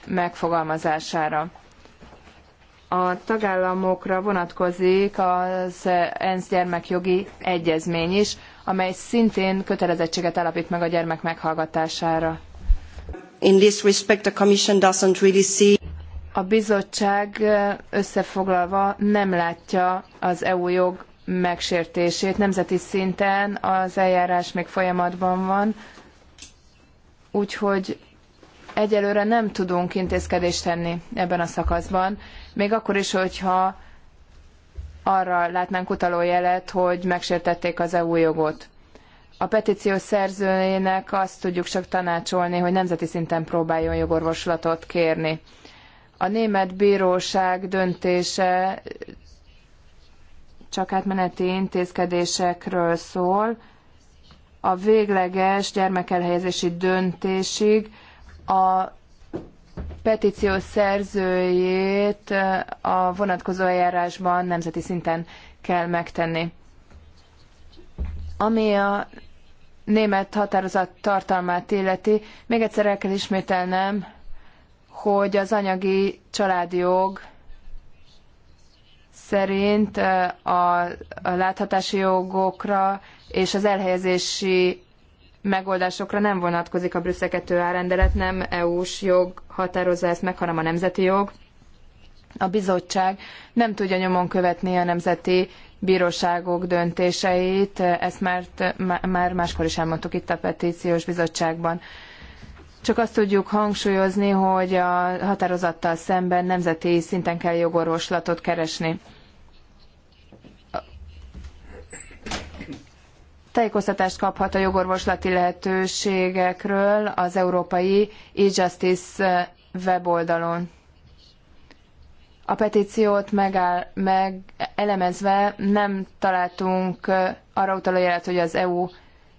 megfogalmazására. A tagállamokra vonatkozik az ENSZ gyermekjogi egyezmény is, amely szintén kötelezettséget állapít meg a gyermek meghallgatására. In this respect, the Commission doesn't really see a bizottság összefoglalva nem látja az EU jog megsértését. Nemzeti szinten az eljárás még folyamatban van, úgyhogy egyelőre nem tudunk intézkedést tenni ebben a szakaszban, még akkor is, hogyha arra látnánk utaló jelet, hogy megsértették az EU jogot. A petíció szerzőjének azt tudjuk csak tanácsolni, hogy nemzeti szinten próbáljon jogorvoslatot kérni. A német bíróság döntése csak átmeneti intézkedésekről szól. A végleges gyermekelhelyezési döntésig a petíció szerzőjét a vonatkozó eljárásban nemzeti szinten kell megtenni. Ami a német határozat tartalmát illeti, még egyszer el kell ismételnem, hogy az anyagi családi jog szerint a, láthatási jogokra és az elhelyezési megoldásokra nem vonatkozik a Brüsszel 2A rendelet, nem EU-s jog határozza ezt meg, hanem a nemzeti jog. A bizottság nem tudja nyomon követni a nemzeti bíróságok döntéseit, ezt már, már máskor is elmondtuk itt a petíciós bizottságban. Csak azt tudjuk hangsúlyozni, hogy a határozattal szemben nemzeti szinten kell jogorvoslatot keresni. tájékoztatást kaphat a jogorvoslati lehetőségekről az európai e-justice weboldalon. A petíciót megáll, meg elemezve nem találtunk arra utaló jelet, hogy az EU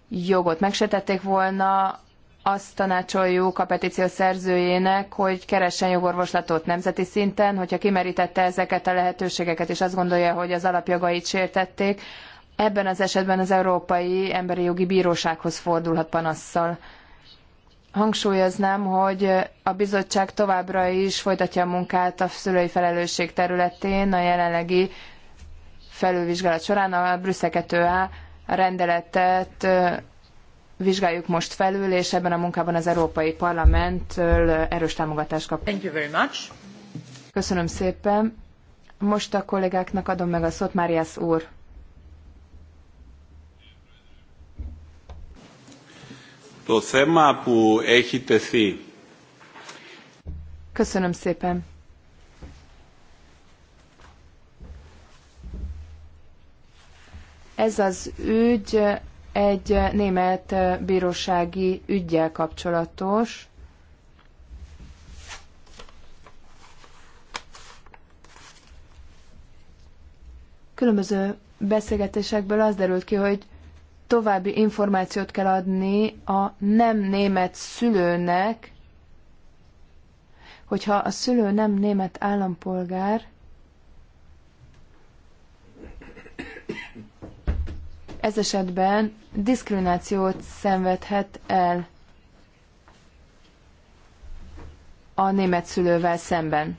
jogot megsértették volna, azt tanácsoljuk a petíció szerzőjének, hogy keressen jogorvoslatot nemzeti szinten, hogyha kimerítette ezeket a lehetőségeket, és azt gondolja, hogy az alapjogait sértették, ebben az esetben az Európai Emberi Jogi Bírósághoz fordulhat panasszal. Hangsúlyoznám, hogy a bizottság továbbra is folytatja a munkát a szülői felelősség területén a jelenlegi felülvizsgálat során. A Brüsszel 2A rendeletet vizsgáljuk most felül, és ebben a munkában az Európai Parlamenttől erős támogatást kap. Thank you very much. Köszönöm szépen. Most a kollégáknak adom meg a szót, Máriász úr. Το θέμα που έχει τεθεί. Köszönöm szépen. Ez az ügy egy német bírósági ügyjel kapcsolatos. Különböző beszélgetésekből az derült ki, hogy további információt kell adni a nem német szülőnek, hogyha a szülő nem német állampolgár, ez esetben diszkriminációt szenvedhet el a német szülővel szemben.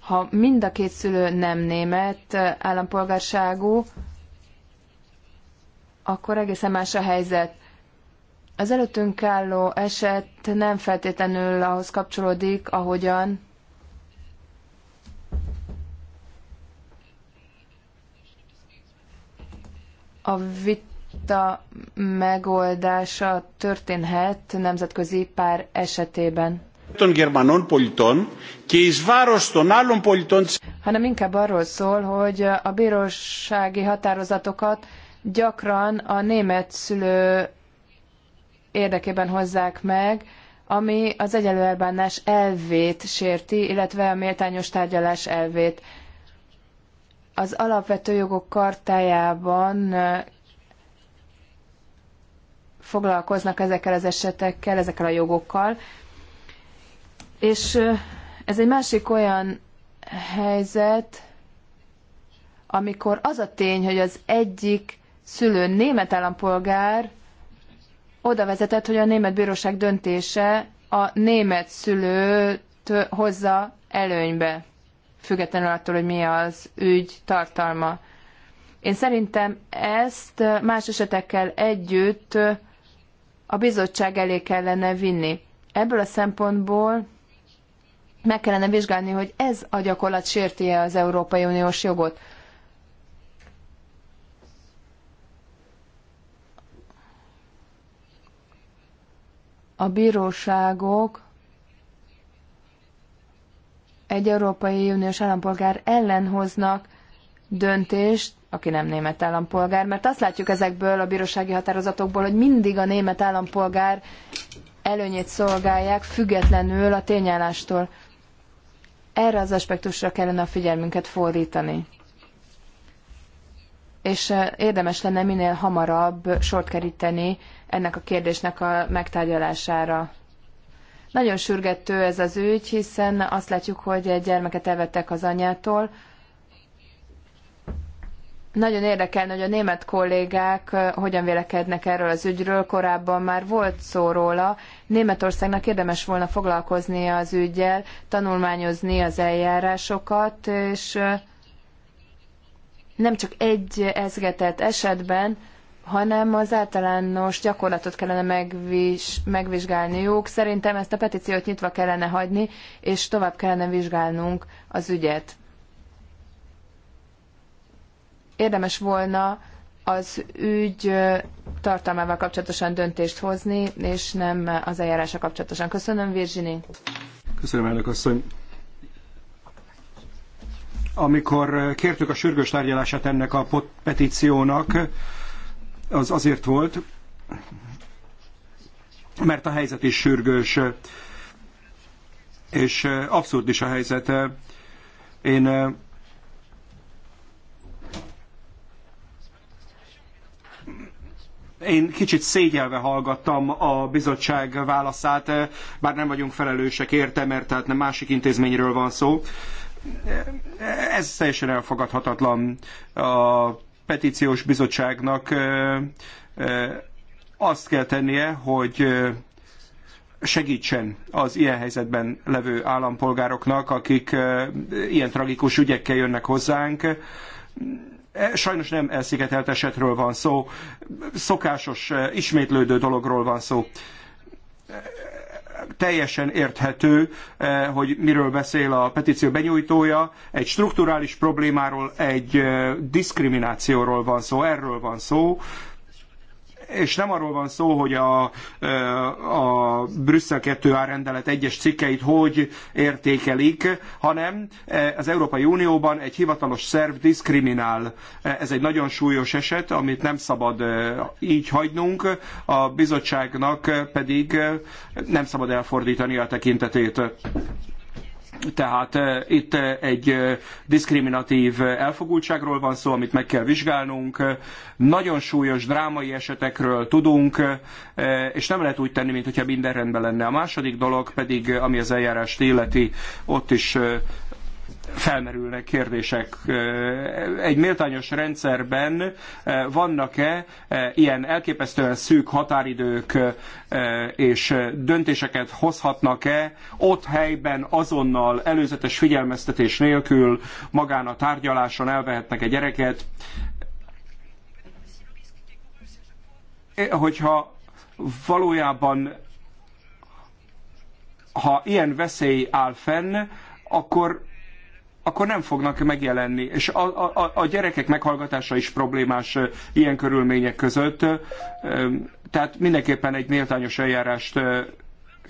Ha mind a két szülő nem német állampolgárságú, akkor egészen más a helyzet. Az előttünk álló eset nem feltétlenül ahhoz kapcsolódik, ahogyan a vita megoldása történhet nemzetközi pár esetében. Των Γερμανών πολιτών και εις βάρος των άλλων πολιτών hanem inkább arról szól, hogy a bírósági határozatokat gyakran a német szülő érdekében hozzák meg, ami az egyenlő elbánás elvét sérti, illetve a méltányos tárgyalás elvét. Az alapvető jogok kartájában eh, foglalkoznak ezekkel az esetekkel, ezekkel a jogokkal. És eh, ez egy másik olyan helyzet, amikor az a tény, hogy az egyik szülő német állampolgár oda vezetett, hogy a német bíróság döntése a német szülőt hozza előnybe, függetlenül attól, hogy mi az ügy tartalma. Én szerintem ezt más esetekkel együtt a bizottság elé kellene vinni. Ebből a szempontból meg kellene vizsgálni, hogy ez a gyakorlat sérti-e az Európai Uniós jogot. a bíróságok egy Európai Uniós állampolgár ellen hoznak döntést, aki nem német állampolgár, mert azt látjuk ezekből a bírósági határozatokból, hogy mindig a német állampolgár előnyét szolgálják, függetlenül a tényállástól. Erre az aspektusra kellene a figyelmünket fordítani. És eh, érdemes lenne minél hamarabb sort keríteni ennek a kérdésnek a megtárgyalására. Nagyon sürgető ez az ügy, hiszen azt látjuk, hogy egy gyermeket elvettek az anyától. Nagyon érdekel, hogy a német kollégák hogyan vélekednek erről az ügyről. Korábban már volt szó róla. Németországnak érdemes volna foglalkozni az ügyel, tanulmányozni az eljárásokat, és nem csak egy ezgetett esetben, hanem az általános gyakorlatot kellene megvis, megvizsgálniuk. Szerintem ezt a petíciót nyitva kellene hagyni, és tovább kellene vizsgálnunk az ügyet. Érdemes volna az ügy tartalmával kapcsolatosan döntést hozni, és nem az eljárása kapcsolatosan. Köszönöm, Virzsini. Köszönöm, elnök asszony amikor kértük a sürgős tárgyalását ennek a petíciónak, az azért volt, mert a helyzet is sürgős, és abszurd is a helyzet. Én én kicsit szégyelve hallgattam a bizottság válaszát, bár nem vagyunk felelősek érte, mert tehát nem másik intézményről van szó. Ez teljesen elfogadhatatlan. A petíciós bizottságnak azt kell tennie, hogy segítsen az ilyen helyzetben levő állampolgároknak, akik ilyen tragikus ügyekkel jönnek hozzánk. E, sajnos nem elszigetelt esetről van szó, szokásos, ismétlődő dologról van szó teljesen érthető, eh, hogy miről beszél a petíció benyújtója. Egy strukturális problémáról, egy eh, diszkriminációról van szó, erről van szó, és nem arról van szó, hogy a, a Brüsszel 2A rendelet egyes cikkeit hogy értékelik, hanem az Európai Unióban egy hivatalos szerv diszkriminál. Ez egy nagyon súlyos eset, amit nem szabad így hagynunk, a bizottságnak pedig nem szabad elfordítani a tekintetét. Tehát eh, itt eh, egy eh, diszkriminatív elfogultságról van szó, amit meg kell vizsgálnunk. Nagyon súlyos drámai esetekről tudunk, és nem lehet úgy tenni, mintha minden rendben lenne. A második dolog pedig, ami az eljárást illeti, ott is felmerülnek kérdések. Egy méltányos rendszerben vannak-e ilyen elképesztően szűk határidők és döntéseket hozhatnak-e ott helyben azonnal előzetes figyelmeztetés nélkül magán a tárgyaláson elvehetnek egy gyereket, hogyha valójában ha ilyen veszély áll fenn, akkor akkor nem fognak megjelenni. És a, a, a gyerekek meghallgatása is problémás ilyen körülmények között. Tehát mindenképpen egy méltányos eljárást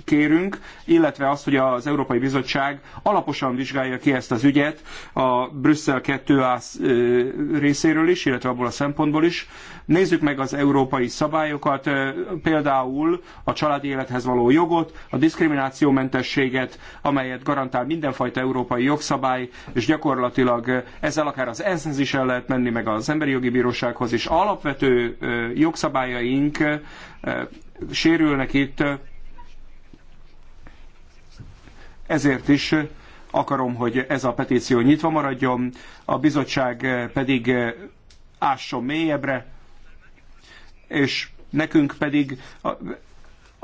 kérünk, illetve azt, hogy az Európai Bizottság alaposan vizsgálja ki ezt az ügyet a Brüsszel 2A részéről is, illetve abból a szempontból is. Nézzük meg az európai szabályokat, például a családi élethez való jogot, a diszkriminációmentességet, amelyet garantál mindenfajta európai jogszabály, és gyakorlatilag ezzel akár az ENSZ-hez is el lehet menni, meg az Emberi Jogi Bírósághoz is. Alapvető jogszabályaink sérülnek itt ezért is akarom, hogy ez a petíció nyitva maradjon, a bizottság pedig ásson mélyebbre, és nekünk pedig a,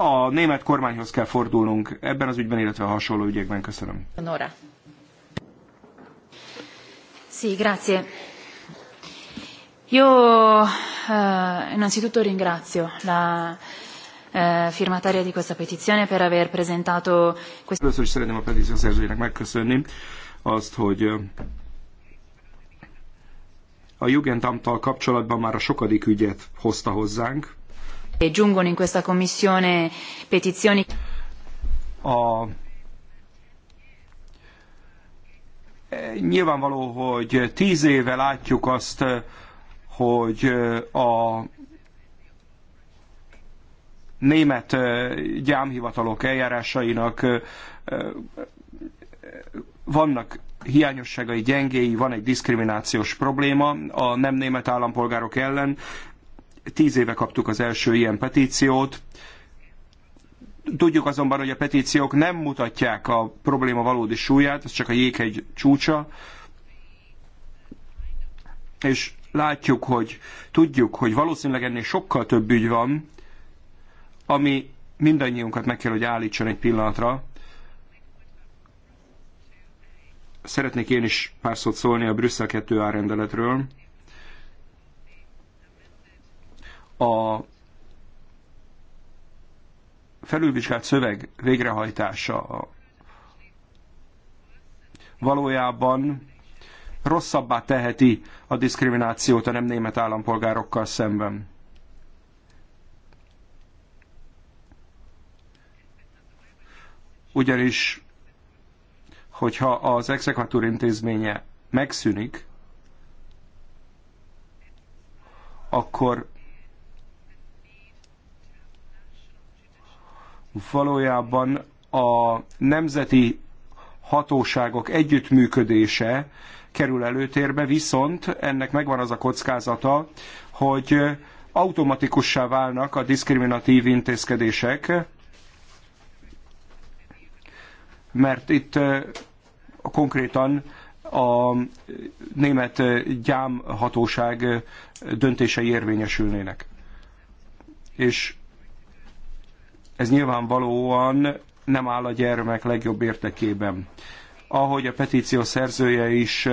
a német kormányhoz kell fordulnunk ebben az ügyben, illetve a hasonló ügyekben. Köszönöm. Nora. Sì, grazie. Io eh, innanzitutto ringrazio la Eh, Firmatária di questa petizione per aver presentato questo... Először is szeretném a petíció szerzőjének megköszönni azt, hogy eh, a Jugendamttal kapcsolatban már a sokadik ügyet hozta hozzánk. E giungono in questa commissione petizioni... A eh, Nyilvánvaló, hogy tíz éve látjuk azt, hogy a német gyámhivatalok eljárásainak vannak hiányosságai, gyengéi, van egy diszkriminációs probléma a nem német állampolgárok ellen. Tíz éve kaptuk az első ilyen petíciót. Tudjuk azonban, hogy a petíciók nem mutatják a probléma valódi súlyát, ez csak a jéghegy csúcsa. És látjuk, hogy tudjuk, hogy valószínűleg ennél sokkal több ügy van, ami mindannyiunkat meg kell, hogy állítson egy pillanatra. Szeretnék én is pár szót szólni a Brüsszel 2A A felülvizsgált szöveg végrehajtása valójában rosszabbá teheti a diszkriminációt a nem német állampolgárokkal szemben. ugyanis hogyha az exekvatúr intézménye megszűnik, akkor valójában a nemzeti hatóságok együttműködése kerül előtérbe, viszont ennek megvan az a kockázata, hogy automatikussá válnak a diszkriminatív intézkedések, mert itt konkrétan a német gyámhatóság döntései érvényesülnének. És ez nyilvánvalóan nem áll a gyermek legjobb értekében. Ahogy a petíció szerzője is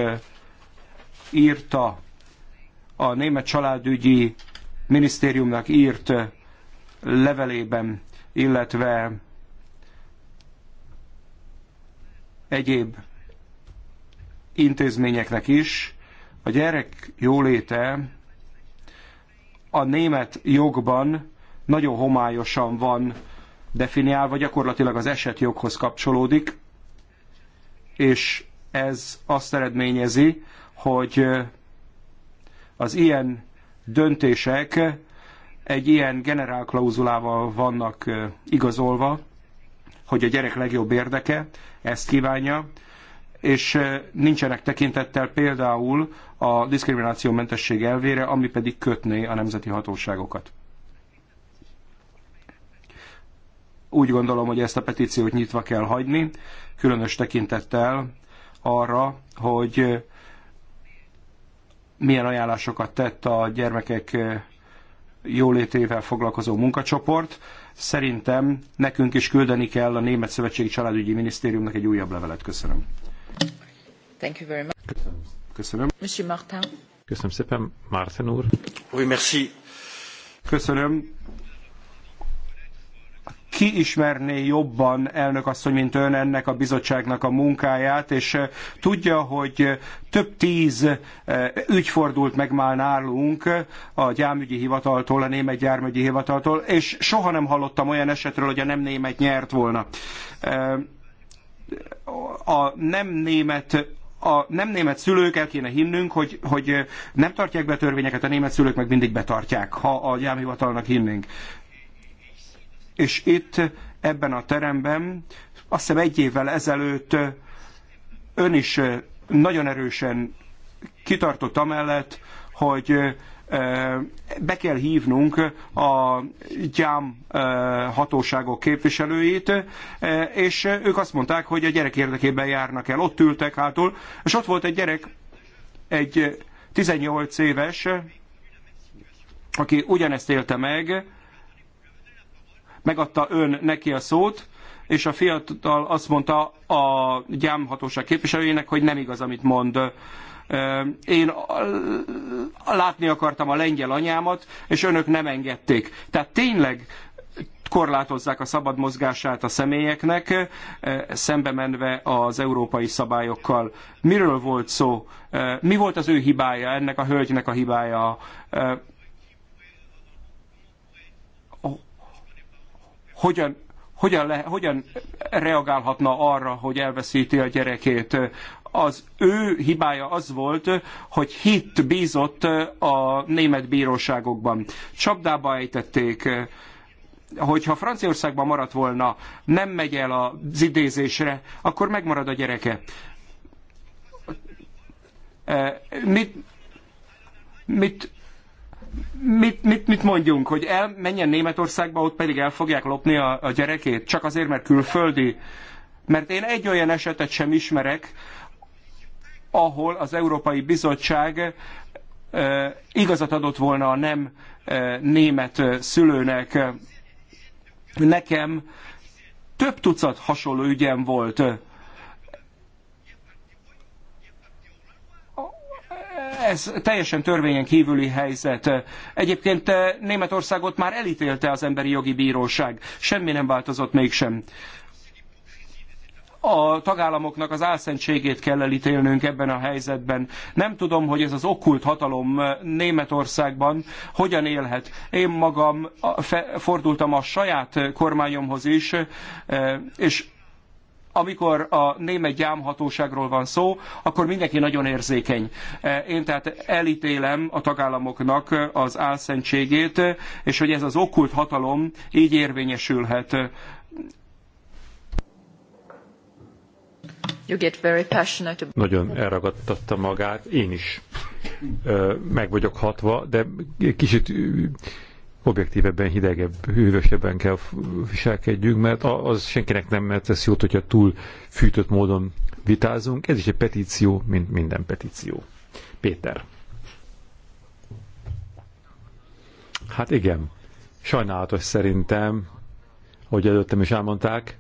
írta, a német családügyi minisztériumnak írt levelében, illetve egyéb intézményeknek is. A gyerek jóléte a német jogban nagyon homályosan van definiálva, gyakorlatilag az esetjoghoz kapcsolódik, és ez azt eredményezi, hogy az ilyen döntések egy ilyen generálklauzulával vannak igazolva, hogy a gyerek legjobb érdeke, ezt kívánja, és eh, nincsenek tekintettel például a mentesség elvére, ami pedig kötné a nemzeti hatóságokat. Úgy gondolom, hogy ezt a petíciót nyitva kell hagyni, különös tekintettel arra, hogy eh, milyen ajánlásokat tett a gyermekek eh, jólétével foglalkozó munkacsoport. Szerintem nekünk is küldeni kell a Német Szövetségi Családügyi Minisztériumnak egy újabb levelet. Köszönöm. Thank you very much. Köszönöm. Köszönöm. Martin. Köszönöm szépen, Martin úr. Oui, merci. Köszönöm ki ismerné jobban, elnök asszony, mint ön ennek a bizottságnak a munkáját, és eh, tudja, hogy eh, több tíz eh, ügy fordult meg már nálunk a gyámügyi hivataltól, a német gyármügyi hivataltól, és soha nem hallottam olyan esetről, hogy a nem német nyert volna. A nem német a nem német szülők el kéne hinnünk, hogy, hogy nem tartják be a törvényeket, a német szülők meg mindig betartják, ha a gyámhivatalnak hinnénk és itt ebben a teremben azt hiszem egy évvel ezelőtt ön is nagyon erősen kitartott amellett, hogy be kell hívnunk a gyám hatóságok képviselőit, és ők azt mondták, hogy a gyerek érdekében járnak el. Ott ültek hátul, és ott volt egy gyerek, egy 18 éves, aki ugyanezt élte meg, megadta ön neki a szót, és a fiatal azt mondta a gyámhatóság képviselőjének, hogy nem igaz, amit mond. Én látni akartam a lengyel anyámat, és önök nem engedték. Tehát tényleg korlátozzák a szabad mozgását a személyeknek, szembe menve az európai szabályokkal. Miről volt szó? Mi volt az ő hibája, ennek a hölgynek a hibája? hogyan, hogyan, le, hogyan reagálhatna arra, hogy elveszíti a gyerekét. Az ő hibája az volt, hogy hit bízott a német bíróságokban. Csapdába ejtették, hogyha Franciaországban maradt volna, nem megy el az idézésre, akkor megmarad a gyereke. Mit, mit mit, mit, mit mondjunk, hogy el, menjen Németországba, ott pedig el fogják lopni a, a gyerekét, csak azért, mert külföldi. Mert én egy olyan esetet sem ismerek, ahol az Európai Bizottság e, igazat adott volna a nem e, német szülőnek. Nekem több tucat hasonló ügyem volt Ez teljesen törvényen kívüli helyzet. Egyébként eh, Németországot már elítélte az Emberi Jogi Bíróság. Semmi nem változott mégsem a tagállamoknak az álszentségét kell elítélnünk ebben a helyzetben. Nem tudom, hogy ez az okkult hatalom eh, Németországban hogyan élhet. Én magam fordultam a saját eh, kormányomhoz is, és amikor a német gyámhatóságról van szó, akkor mindenki nagyon érzékeny. E, én tehát elítélem a tagállamoknak az álszentségét, és hogy ez az okkult hatalom így érvényesülhet. You get very passionate. Nagyon elragadtatta magát, én is e, meg vagyok hatva, de kicsit objektívebben, hidegebb, hűvösebben kell viselkedjünk, mert az senkinek nem tesz jót, hogyha túl fűtött módon vitázunk. Ez is egy petíció, mint minden petíció. Péter. Hát igen, sajnálatos szerintem, hogy előttem is elmondták,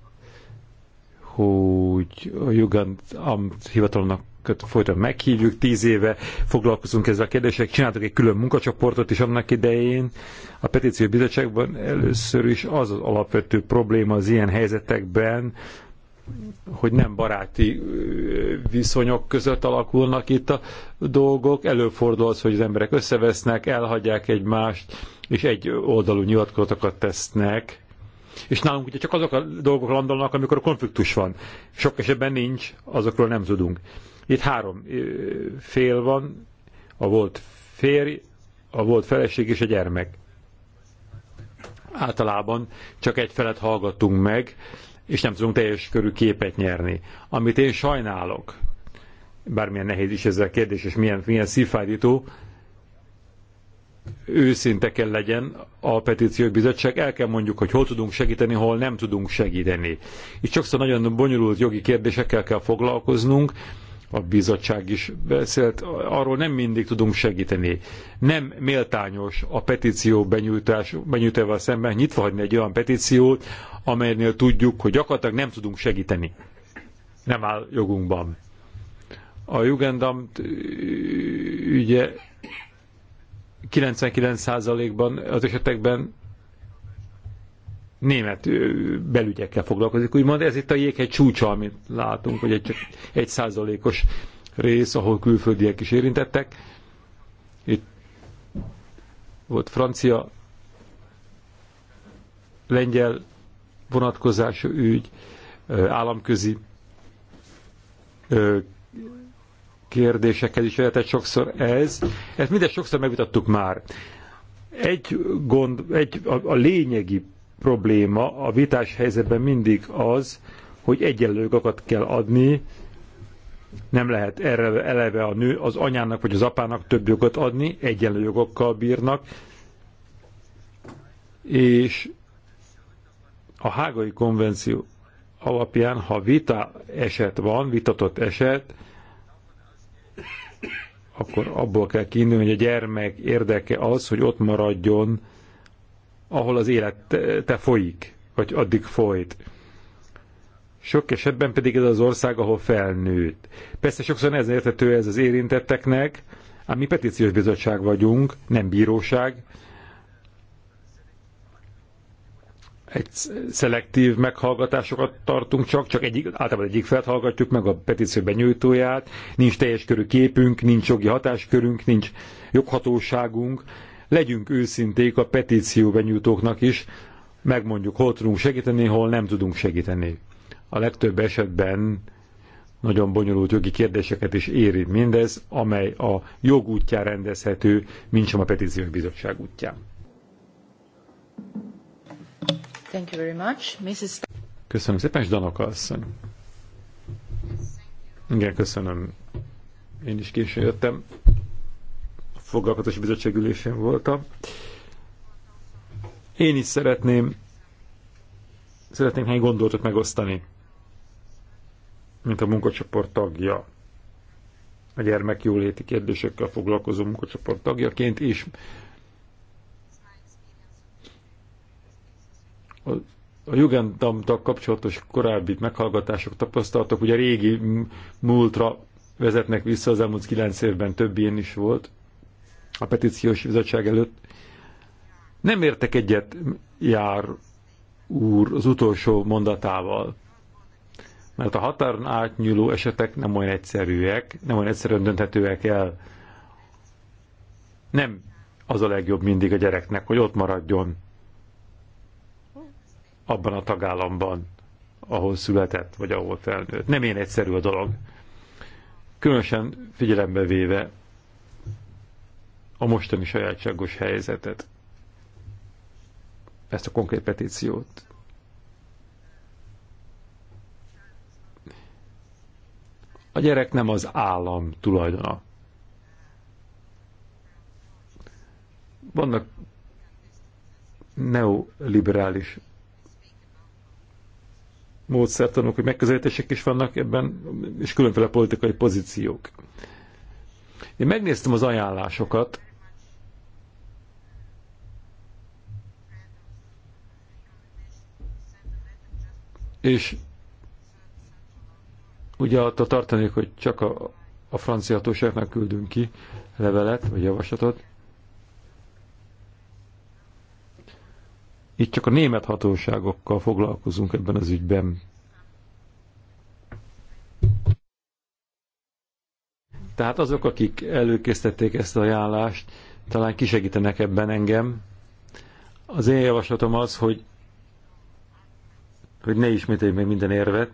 hogy a Jugend Amt hivatalnak folyton meghívjuk, tíz éve foglalkozunk ezzel a kérdéssel, csináltak egy külön munkacsoportot is annak idején. A petíció bizottságban először is az az alapvető probléma az ilyen helyzetekben, hogy nem baráti viszonyok között alakulnak itt a dolgok. Előfordul az, hogy az emberek összevesznek, elhagyják egymást, és egy oldalú nyilatkozatokat tesznek. És nálunk ugye csak azok a dolgok landolnak, amikor a konfliktus van. Sok esetben nincs, azokról nem tudunk. Itt három fél van, a volt férj, a volt feleség és a gyermek. Általában csak egy felet hallgattunk meg, és nem tudunk teljes körű képet nyerni. Amit én sajnálok, bármilyen nehéz is ez a kérdés, és milyen, milyen szívfájdító, őszinte kell legyen a petíciói bizottság, el kell mondjuk, hogy hol tudunk segíteni, hol nem tudunk segíteni. Itt sokszor nagyon bonyolult jogi kérdésekkel kell foglalkoznunk, a bizottság is beszélt, arról nem mindig tudunk segíteni. Nem méltányos a petíció benyújtás, benyújtával szemben nyitva hagyni egy olyan petíciót, amelynél tudjuk, hogy gyakorlatilag nem tudunk segíteni. Nem áll jogunkban. A Jugendam ügye 99%-ban az esetekben német belügyekkel foglalkozik, úgymond ez itt a jéghegy csúcsa, amit látunk, hogy egy, csak egy százalékos rész, ahol külföldiek is érintettek. Itt volt francia, lengyel vonatkozású ügy, államközi kérdésekhez is lehetett sokszor ez. Ezt minden sokszor megvitattuk már. Egy gond, egy, a, a lényegi probléma a vitás helyzetben mindig az, hogy egyenlő jogokat kell adni, nem lehet erre eleve a nő az anyának vagy az apának több jogot adni, egyenlő jogokkal bírnak, és a hágai konvenció alapján, ha vita eset van, vitatott eset, akkor abból kell kiindulni, hogy a gyermek érdeke az, hogy ott maradjon ahol az élete folyik, vagy addig folyt. Sok esetben pedig ez az ország, ahol felnőtt. Persze sokszor ez értető ez az érintetteknek, ám mi petíciós bizottság vagyunk, nem bíróság. Egy szelektív meghallgatásokat tartunk csak, csak egyik, általában egyik felt hallgatjuk meg a petíció benyújtóját, nincs teljes körű képünk, nincs jogi hatáskörünk, nincs joghatóságunk, legyünk őszinték a petíció benyújtóknak is, megmondjuk, hol tudunk segíteni, hol nem tudunk segíteni. A legtöbb esetben nagyon bonyolult jogi kérdéseket is érint mindez, amely a jog útján rendezhető, mint sem a petíciós bizottság útján. Thank you very much. Mrs. Köszönöm szépen, és Danaka asszony. Igen, köszönöm. Én is későn jöttem foglalkozási bizottság ülésén voltam. Én is szeretném szeretném néhány gondolatot megosztani, mint a munkacsoport tagja. A gyermekjóléti kérdésekkel foglalkozó munkacsoport tagjaként is. A, a Jugendamtal kapcsolatos korábbi meghallgatások, tapasztalatok ugye régi múltra vezetnek vissza, az elmúlt kilenc évben több ilyen is volt, a petíciós bizottság előtt. Nem értek egyet jár úr az utolsó mondatával, mert a határon átnyúló esetek nem olyan egyszerűek, nem olyan egyszerűen dönthetőek el. Nem az a legjobb mindig a gyereknek, hogy ott maradjon abban a tagállamban, ahol született, vagy ahol felnőtt. Nem én egyszerű a dolog. Különösen figyelembe véve a mostani sajátságos helyzetet, ezt a konkrét petíciót. A gyerek nem az állam tulajdona. Vannak neoliberális módszertanok, hogy megközelítések is vannak ebben, és különféle politikai pozíciók. Én megnéztem az ajánlásokat, És ugye attól tartanék, hogy csak a, a francia hatóságnak küldünk ki levelet, vagy javaslatot. Itt csak a német hatóságokkal foglalkozunk ebben az ügyben. Tehát azok, akik előkészítették ezt a ajánlást, talán kisegítenek ebben engem. Az én javaslatom az, hogy hogy ne ismételjük meg minden érvet,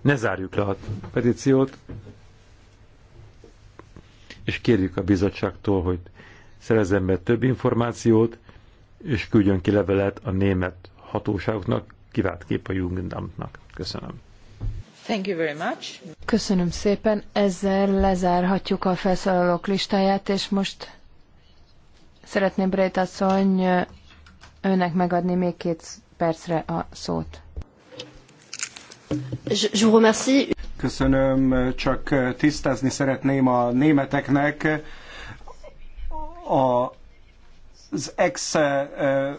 ne zárjuk le a petíciót, és kérjük a bizottságtól, hogy szerezzen be több információt, és küldjön ki levelet a német hatóságoknak, kép a Jugendamtnak. Köszönöm. Thank you very much. Köszönöm szépen. Ezzel lezárhatjuk a felszólalók listáját, és most szeretném Brét asszony önnek megadni még két percre a szót. Köszönöm, csak tisztázni szeretném a németeknek a, az ex eh,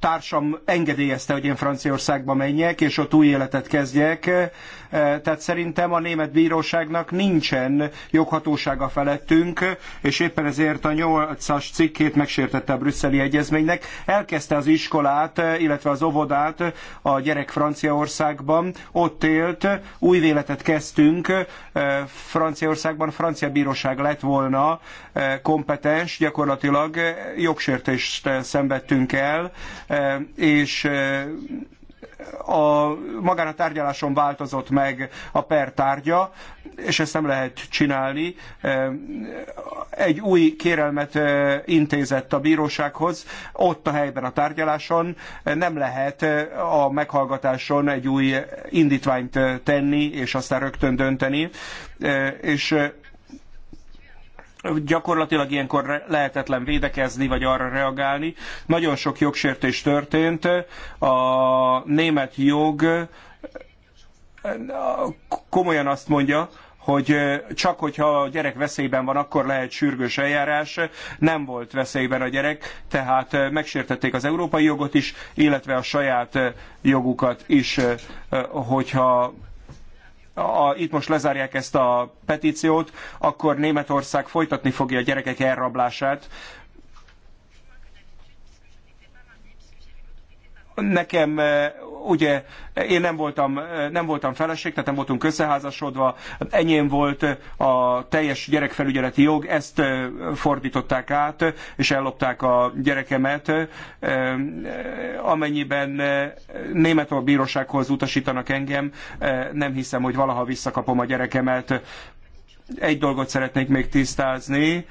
társam engedélyezte, hogy én Franciaországba menjek, és ott új életet kezdjek. E, tehát szerintem a német bíróságnak nincsen joghatósága felettünk, és éppen ezért a 8-as cikkét megsértette a brüsszeli egyezménynek. Elkezdte az iskolát, e, illetve az óvodát a gyerek Franciaországban. Ott élt, új életet kezdtünk. E, Franciaországban francia bíróság lett volna kompetens, gyakorlatilag jogsértést szenvedtünk el Eh, és eh, a, magán a tárgyaláson változott meg a per tárgya, és ezt nem lehet csinálni. Eh, egy új kérelmet intézett a bírósághoz, ott a helyben a tárgyaláson nem lehet a meghallgatáson egy új indítványt tenni, és aztán rögtön dönteni, és gyakorlatilag ilyenkor lehetetlen védekezni, vagy arra reagálni. Nagyon sok jogsértés történt. A német jog komolyan azt mondja, hogy csak hogyha a gyerek veszélyben van, akkor lehet sürgős eljárás. Nem volt veszélyben a gyerek, tehát megsértették az európai jogot is, illetve a saját jogukat is, hogyha a, itt most lezárják ezt a petíciót, akkor Németország folytatni fogja a gyerekek elrablását, nekem eh, ugye én nem voltam, eh, nem voltam feleség, tehát nem voltunk összeházasodva, enyém volt eh, a teljes gyerekfelügyeleti jog, ezt fordították át, és ellopták a gyerekemet, amennyiben német a bírósághoz utasítanak engem, nem hiszem, hogy valaha visszakapom a gyerekemet. Egy dolgot szeretnék még tisztázni,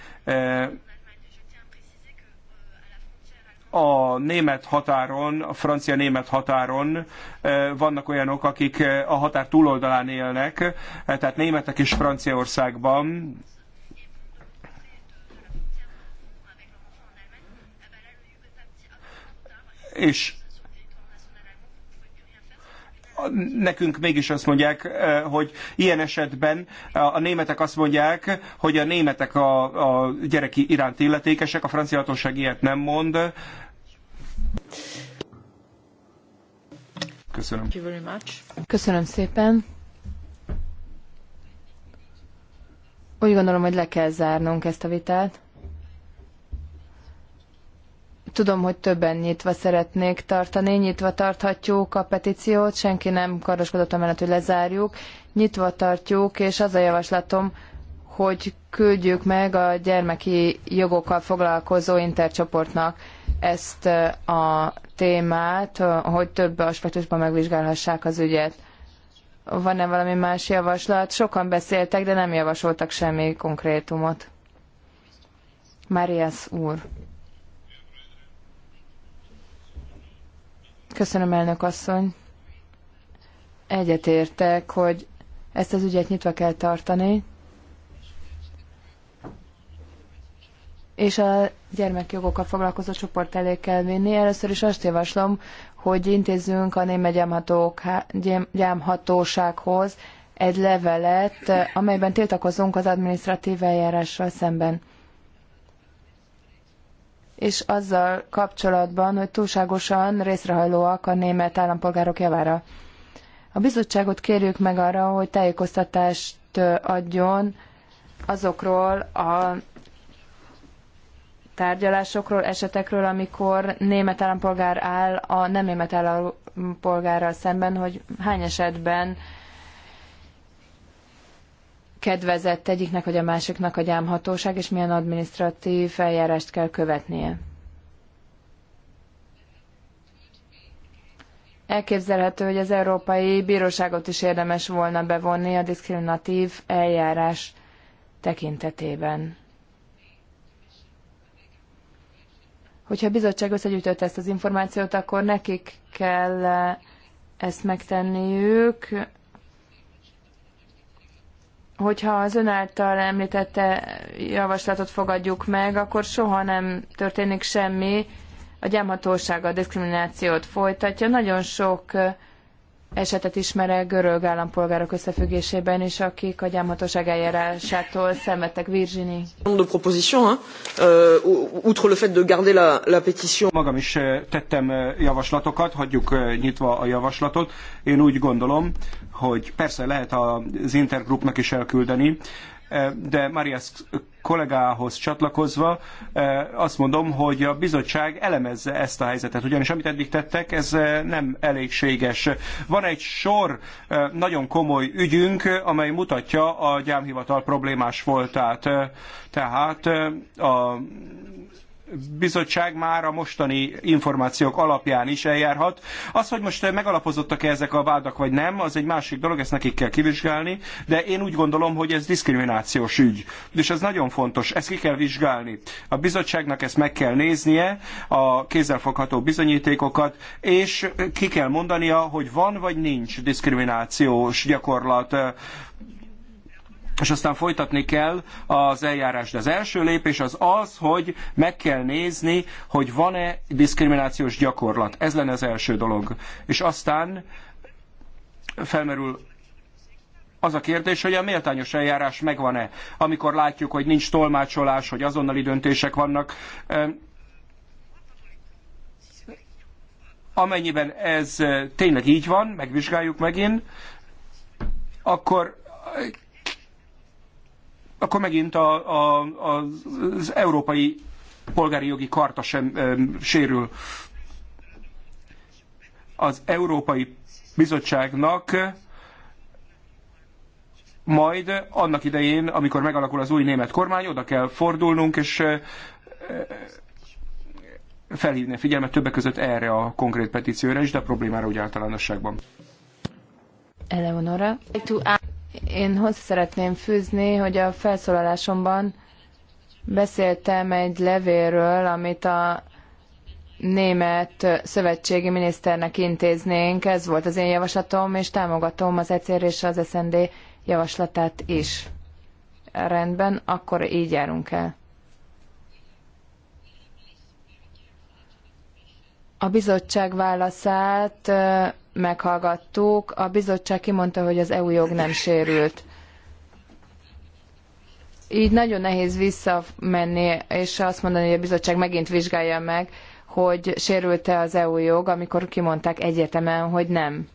a német határon, a francia-német határon eh, vannak olyanok, akik eh, a határ túloldalán élnek, eh, tehát németek is Franciaországban, és nekünk mégis azt mondják, eh, hogy ilyen esetben a németek azt mondják, hogy a németek a, a gyerek iránt illetékesek, a francia hatóság ilyet nem mond. Köszönöm. Köszönöm szépen. Úgy gondolom, hogy le kell zárnunk ezt a vitát. Tudom, hogy többen nyitva szeretnék tartani, nyitva tarthatjuk a petíciót, senki nem kardoskodott amellett, hogy lezárjuk, nyitva tartjuk, és az a javaslatom, hogy küldjük meg a gyermeki jogokkal foglalkozó intercsoportnak ezt eh, a témát, eh, hogy több aspektusban megvizsgálhassák az ügyet. Van-e valami más javaslat? Sokan beszéltek, de nem javasoltak semmi konkrétumot. Marias úr. Köszönöm, elnök asszony. Egyetértek, hogy ezt az ügyet nyitva kell tartani, és a gyermekjogokkal foglalkozó csoport elé kell vinni. Először is azt javaslom, hogy intézzünk a Német Gyámhatósághoz egy levelet, amelyben tiltakozunk az adminisztratív eljárással szemben és azzal kapcsolatban, hogy túlságosan részrehajlóak a német állampolgárok javára. A bizottságot kérjük meg arra, hogy tájékoztatást adjon azokról a tárgyalásokról, esetekről, amikor német állampolgár áll a nem német állampolgárral szemben, hogy hány esetben kedvezett egyiknek vagy a másiknak a gyámhatóság, és milyen adminisztratív eljárást kell követnie. Elképzelhető, hogy az Európai Bíróságot is érdemes volna bevonni a diszkriminatív eljárás tekintetében. Hogyha a bizottság összegyűjtött ezt az információt, akkor nekik kell eh, ezt megtenniük, hogyha az ön által említette javaslatot fogadjuk meg, akkor soha nem történik semmi, a gyámhatóság a diszkriminációt folytatja. Nagyon sok esetet ismerek görög állampolgárok összefüggésében is, akik a gyámhatóság eljárásától szenvedtek Virginie. de euh, outre le fait de garder la, la pétition. Magam is tettem javaslatokat, hagyjuk nyitva a javaslatot. Én úgy gondolom, hogy persze lehet az Intergroupnak is elküldeni, eh, de Marias kollégához csatlakozva eh, azt mondom, hogy a bizottság elemezze ezt a helyzetet, ugyanis amit eddig tettek, ez eh, nem elégséges. Van egy sor nagyon komoly ügyünk, amely mutatja a gyámhivatal problémás voltát. Tehát a bizottság már a mostani információk alapján is eljárhat. Az, hogy most megalapozottak-e ezek a vádak vagy nem, az egy másik dolog, ezt nekik kell kivizsgálni, de én úgy gondolom, hogy ez diszkriminációs ügy. És ez nagyon fontos, ezt ki kell vizsgálni. A bizottságnak ezt meg kell néznie, a kézzelfogható bizonyítékokat, és ki kell mondania, hogy van vagy nincs diszkriminációs gyakorlat és aztán folytatni kell az eljárást. De az első lépés az az, hogy meg kell nézni, hogy van-e diszkriminációs gyakorlat. Ez lenne az első dolog. És aztán felmerül az a kérdés, hogy a méltányos eljárás megvan-e, amikor látjuk, hogy nincs tolmácsolás, hogy azonnali döntések vannak. Amennyiben ez tényleg így van, megvizsgáljuk megint, akkor akkor megint a, a, az európai polgári jogi karta sem ö, sérül. Az Európai Bizottságnak majd annak idején, amikor megalakul az új német kormány, oda kell fordulnunk, és felhívni a figyelmet többek között erre a konkrét petícióra is, de a problémára úgy általánosságban. Eleonora. Én hozzá szeretném fűzni, hogy a felszólalásomban beszéltem egy levélről, amit a német szövetségi miniszternek intéznénk. Ez volt az én javaslatom, és támogatom az ECR és az SND javaslatát is. Rendben, akkor így járunk el. A bizottság válaszát meghallgattuk. A bizottság kimondta, hogy az EU jog nem sérült. Így nagyon nehéz visszamenni, és azt mondani, hogy a bizottság megint vizsgálja meg, hogy sérült-e az EU jog, amikor kimondták egyetemen, hogy nem.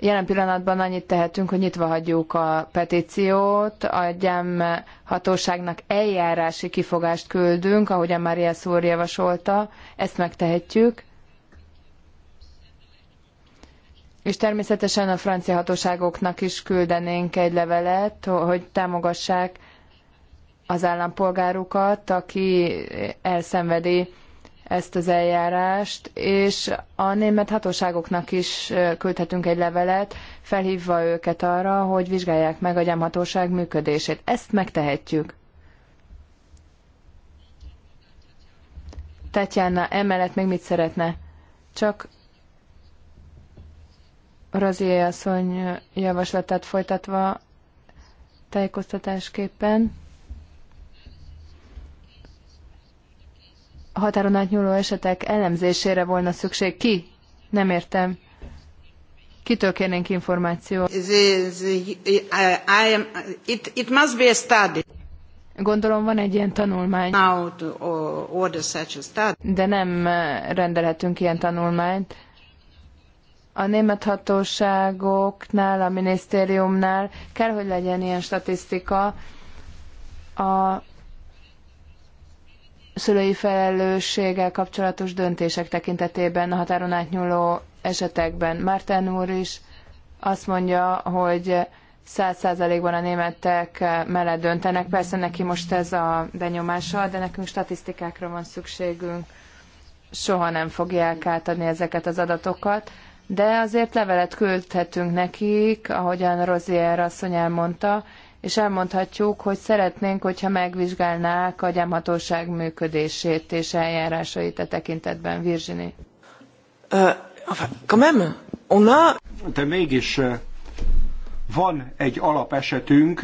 Jelen pillanatban annyit tehetünk, hogy nyitva hagyjuk a petíciót, a gyám hatóságnak eljárási kifogást küldünk, ahogyan már Szúr javasolta, ezt megtehetjük. És természetesen a francia hatóságoknak is küldenénk egy levelet, hogy támogassák az állampolgárukat, aki elszenvedi ezt az eljárást, és a német hatóságoknak is küldhetünk egy levelet, felhívva őket arra, hogy vizsgálják meg a gyámhatóság működését. Ezt megtehetjük. Tatjana, emellett még mit szeretne? Csak Razié asszony javaslatát folytatva tájékoztatásképpen. Határon átnyúló esetek elemzésére volna szükség. Ki? Nem értem. Kitől kérnénk információt? It, it, must be a study. Gondolom van egy ilyen tanulmány. Now to order such a study. De nem eh, rendelhetünk ilyen tanulmányt a német hatóságoknál, a minisztériumnál kell, hogy legyen ilyen statisztika. A szülői felelősséggel kapcsolatos döntések tekintetében a határon átnyúló esetekben. Márten úr is azt mondja, hogy száz százalékban a németek mellett döntenek. Persze neki most ez a benyomása, de nekünk statisztikákra van szükségünk. Soha nem fogják átadni ezeket az adatokat de azért levelet küldhetünk nekik, ahogyan Rozier asszony elmondta, és elmondhatjuk, hogy szeretnénk, hogyha megvizsgálnák a gyámhatóság működését és eljárásait a e tekintetben, Virginie. quand on a... De mégis van egy alapesetünk,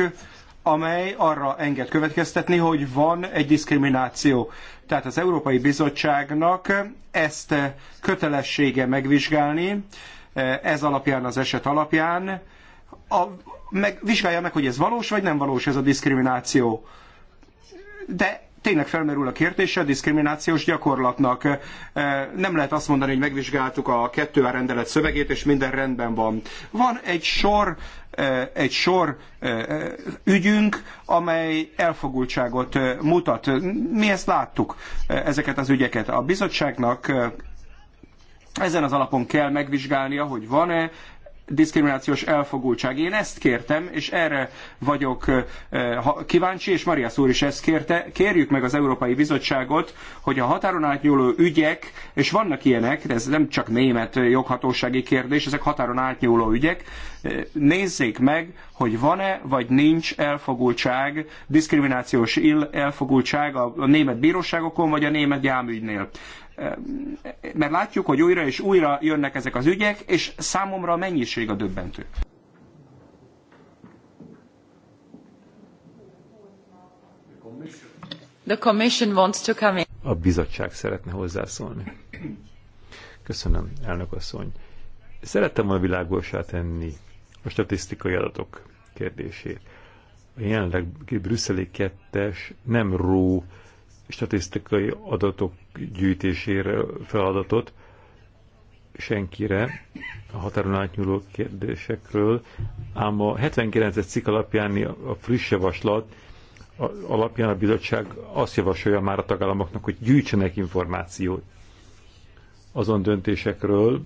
amely arra enged következtetni, hogy van egy diszkrimináció. Tehát az Európai Bizottságnak ezt kötelessége megvizsgálni, ez alapján, az eset alapján, a, meg, vizsgálja meg, hogy ez valós vagy nem valós ez a diszkrimináció. De tényleg felmerül a kérdése a diszkriminációs gyakorlatnak. E, nem lehet azt mondani, hogy megvizsgáltuk a kettő a rendelet szövegét, és minden rendben van. Van egy sor e, egy sor e, ügyünk, amely elfogultságot mutat. Mi ezt láttuk, ezeket az ügyeket. A bizottságnak ezen az alapon kell megvizsgálnia, hogy van-e diszkriminációs elfogultság. Én ezt kértem, és erre vagyok kíváncsi, és Maria úr is ezt kérte. Kérjük meg az Európai Bizottságot, hogy a határon átnyúló ügyek, és vannak ilyenek, de ez nem csak német joghatósági kérdés, ezek határon átnyúló ügyek, nézzék meg, hogy van-e vagy nincs elfogultság, diszkriminációs ill elfogultság a, német bíróságokon vagy a német gyámügynél mert látjuk, hogy újra és újra jönnek ezek az ügyek, és számomra a mennyiség a döbbentő. The commission wants to come in. A bizottság szeretne hozzászólni. Köszönöm, elnök asszony. Szerettem volna világosá tenni a statisztikai adatok kérdését. A jelenleg brüsszeli kettes nem ró statisztikai adatok gyűjtésére feladatot senkire a határon átnyúló kérdésekről, ám a 79. cikk alapján a friss javaslat a, alapján a bizottság azt javasolja már a tagállamoknak, hogy gyűjtsenek információt azon döntésekről,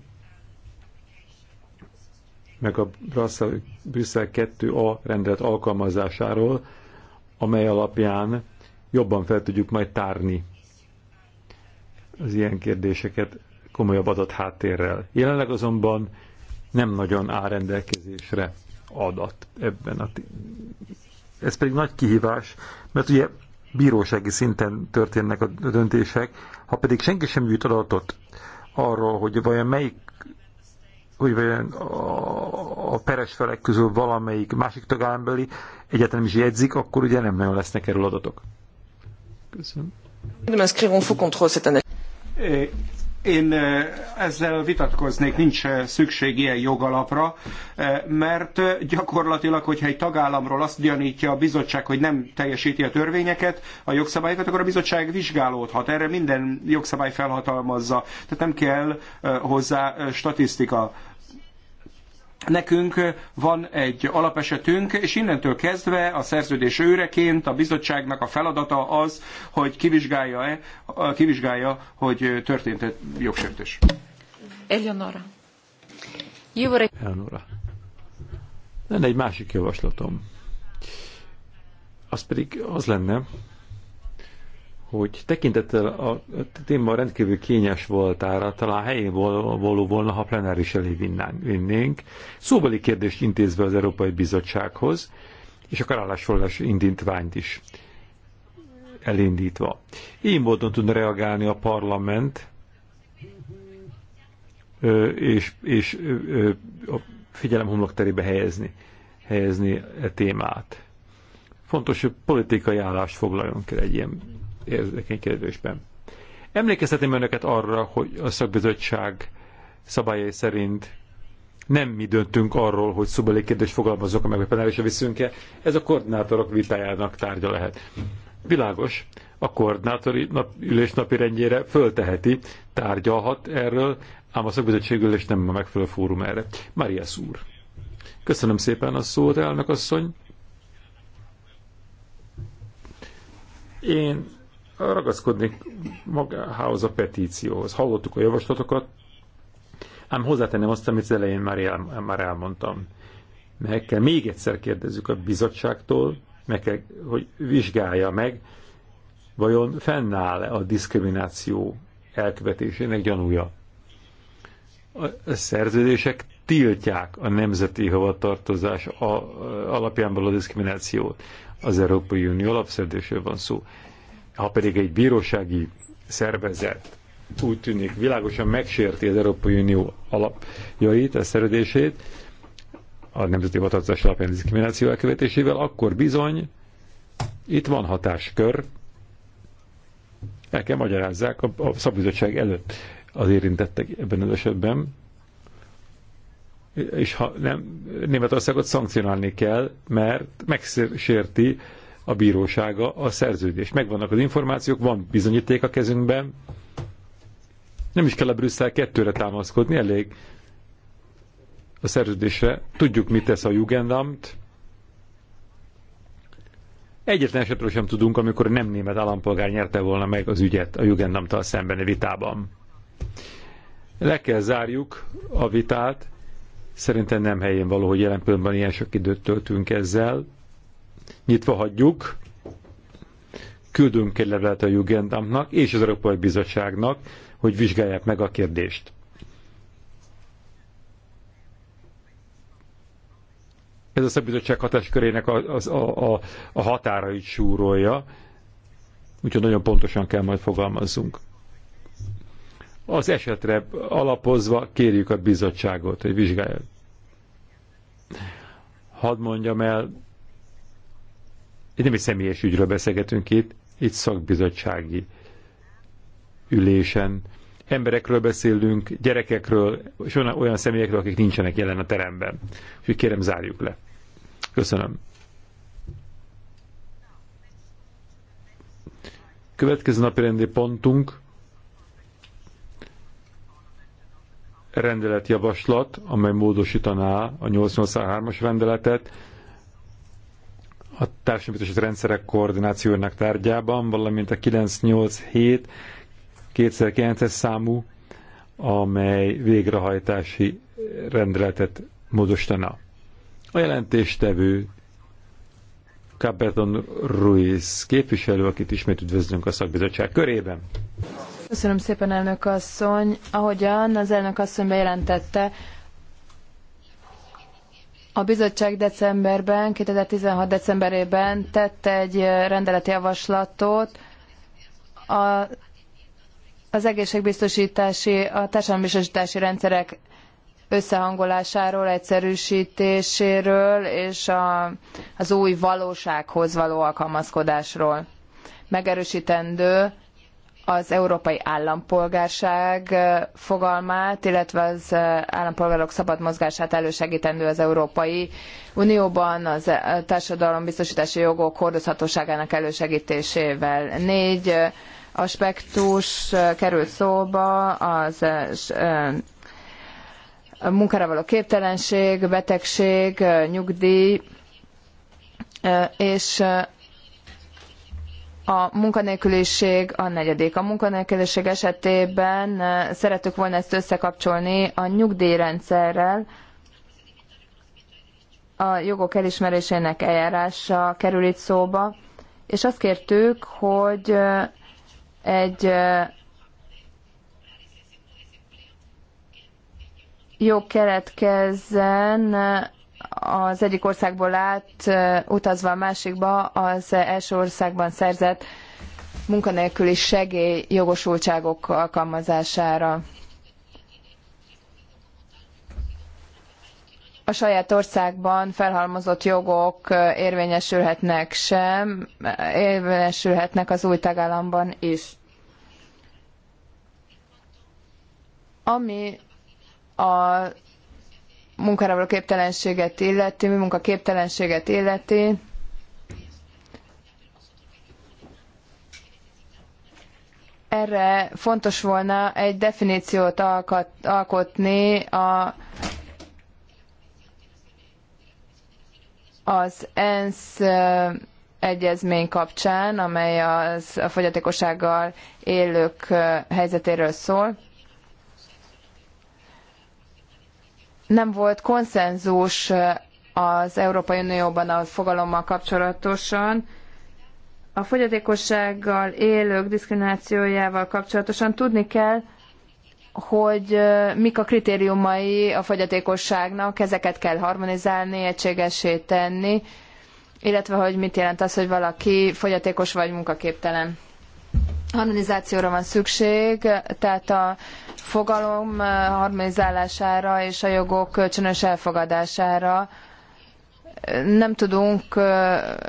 meg a Brüsszel 2A rendelet alkalmazásáról, amely alapján jobban fel tudjuk majd tárni az ilyen kérdéseket komolyabb adat háttérrel. Jelenleg azonban nem nagyon áll rendelkezésre adat ebben a Ez pedig nagy kihívás, mert ugye bírósági szinten történnek a döntések, ha pedig senki sem gyűjt adatot arról, hogy vajon melyik hogy vajon a peres felek közül valamelyik másik tagállambeli egyetem is jegyzik, akkor ugye nem nagyon lesznek erről adatok. Köszönöm. Én eh, ezzel vitatkoznék, nincs eh, szükség ilyen jogalapra, eh, mert gyakorlatilag, hogyha egy tagállamról azt gyanítja a bizottság, hogy nem teljesíti a törvényeket, a jogszabályokat, akkor a bizottság vizsgálódhat. Erre minden jogszabály felhatalmazza, tehát nem kell hozzá statisztika Nekünk van egy alapesetünk, és innentől kezdve a szerződés őreként a bizottságnak a feladata az, hogy kivizsgálja-e, kivizsgálja, hogy történt-e jogsértés. Eleonora. Jövőre. Eleonora. Lenne egy másik javaslatom. Az pedig az lenne, hogy tekintettel a téma rendkívül kényes voltára, talán helyén való volna, ha plenáris elé vinnénk. Szóbeli kérdést intézve az Európai Bizottsághoz, és a karálásforrás indítványt is elindítva. Így módon tudna reagálni a parlament, és, és a figyelem terébe helyezni, helyezni a e témát. Fontos, hogy politikai állást foglaljon kell egy ilyen érzékeny kérdésben. Emlékeztetném önöket arra, hogy a szakbizottság szabályai szerint nem mi döntünk arról, hogy szubeli kérdés fogalmazok, meg a plenárisra viszünk-e, ez a koordinátorok vitájának tárgya lehet. Világos, a koordinátori nap, ülés napi rendjére fölteheti, tárgyalhat erről, ám a szakbizottság ülés nem a megfelelő fórum erre. Maria úr. Köszönöm szépen a szót, elnök asszony. Én ragaszkodnék magához a petícióhoz. Hallottuk a javaslatokat, ám hozzátenném azt, amit az elején már, el, már elmondtam. Meg kell még egyszer kérdezzük a bizottságtól, meg kell, hogy vizsgálja meg, vajon fennáll-e a diszkrimináció elkövetésének gyanúja. A szerződések tiltják a nemzeti hovatartozás alapján való diszkriminációt. Az Európai Unió alapszerződésről van szó. Ha pedig egy bírósági szervezet úgy tűnik világosan megsérti az Európai Unió alapjait, a szerződését, a nemzeti hivatalozás alapján diszkrimináció elkövetésével, akkor bizony itt van hatáskör, el kell magyarázzák a, a szabbizottság előtt az érintettek ebben az esetben, és ha nem, Németországot szankcionálni kell, mert megsérti a bírósága a szerződés. Megvannak az információk, van bizonyíték a kezünkben, nem is kell a Brüsszel kettőre támaszkodni, elég a szerződésre. Tudjuk, mit tesz a Jugendamt. Egyetlen esetről sem tudunk, amikor nem német állampolgár nyerte volna meg az ügyet a szemben szembeni vitában. Le kell zárjuk a vitát. Szerintem nem helyén való, hogy jelen pillanatban ilyen sok időt töltünk ezzel nyitva hagyjuk, küldünk egy levelet a Jugendamtnak és az Európai Bizottságnak, hogy vizsgálják meg a kérdést. Ez a szabizottság hatáskörének a, a, a, a határait súrolja, úgyhogy nagyon pontosan kell majd fogalmazzunk. Az esetre alapozva kérjük a bizottságot, hogy vizsgálják. Hadd mondjam el, nem egy személyes ügyről beszélgetünk itt, itt szakbizottsági ülésen. Emberekről beszélünk, gyerekekről, és olyan személyekről, akik nincsenek jelen a teremben. Úgyhogy kérem, zárjuk le. Köszönöm. Következő napi rendi pontunk rendeletjavaslat, amely módosítaná a 883-as rendeletet, a társadalmi rendszerek koordinációjának tárgyában, valamint a 987 2009-es számú, amely végrehajtási rendeletet módosítana. A jelentéstevő Capeton Ruiz képviselő, akit ismét üdvözlünk a szakbizottság körében. Köszönöm szépen, elnök asszony. Ahogyan az elnök asszony bejelentette, a bizottság decemberben, 2016 decemberében tette egy rendeletjavaslatot a, az egészségbiztosítási, a társadalombiztosítási rendszerek összehangolásáról, egyszerűsítéséről és a, az új valósághoz való alkalmazkodásról. Megerősítendő az európai állampolgárság fogalmát, illetve az állampolgárok szabad mozgását elősegítendő az Európai Unióban az társadalombiztosítási jogok hordozhatóságának elősegítésével. Négy aspektus került szóba, az munkára való képtelenség, betegség, nyugdíj, és a munkanélküliség a negyedik. A munkanélküliség esetében szeretük volna ezt összekapcsolni a nyugdíjrendszerrel, a jogok elismerésének eljárása kerül itt szóba, és azt kértük, hogy egy jog keletkezzen az egyik országból át utazva a másikba az első országban szerzett munkanélküli segély jogosultságok alkalmazására. a saját országban felhalmozott jogok érvényesülhetnek sem, érvényesülhetnek az új tagállamban is. Ami a munkára való képtelenséget illeti, mi képtelenséget illeti, erre fontos volna egy definíciót alkotni a, az ENSZ egyezmény kapcsán, amely az a fogyatékossággal élők helyzetéről szól. nem volt konszenzus az Európai Unióban a fogalommal kapcsolatosan, a fogyatékossággal élők diszkriminációjával kapcsolatosan tudni kell, hogy mik a kritériumai a fogyatékosságnak, ezeket kell harmonizálni, egységessé tenni, illetve hogy mit jelent az, hogy valaki fogyatékos vagy munkaképtelen harmonizációra van szükség, tehát a fogalom harmonizálására és a jogok kölcsönös elfogadására. Nem tudunk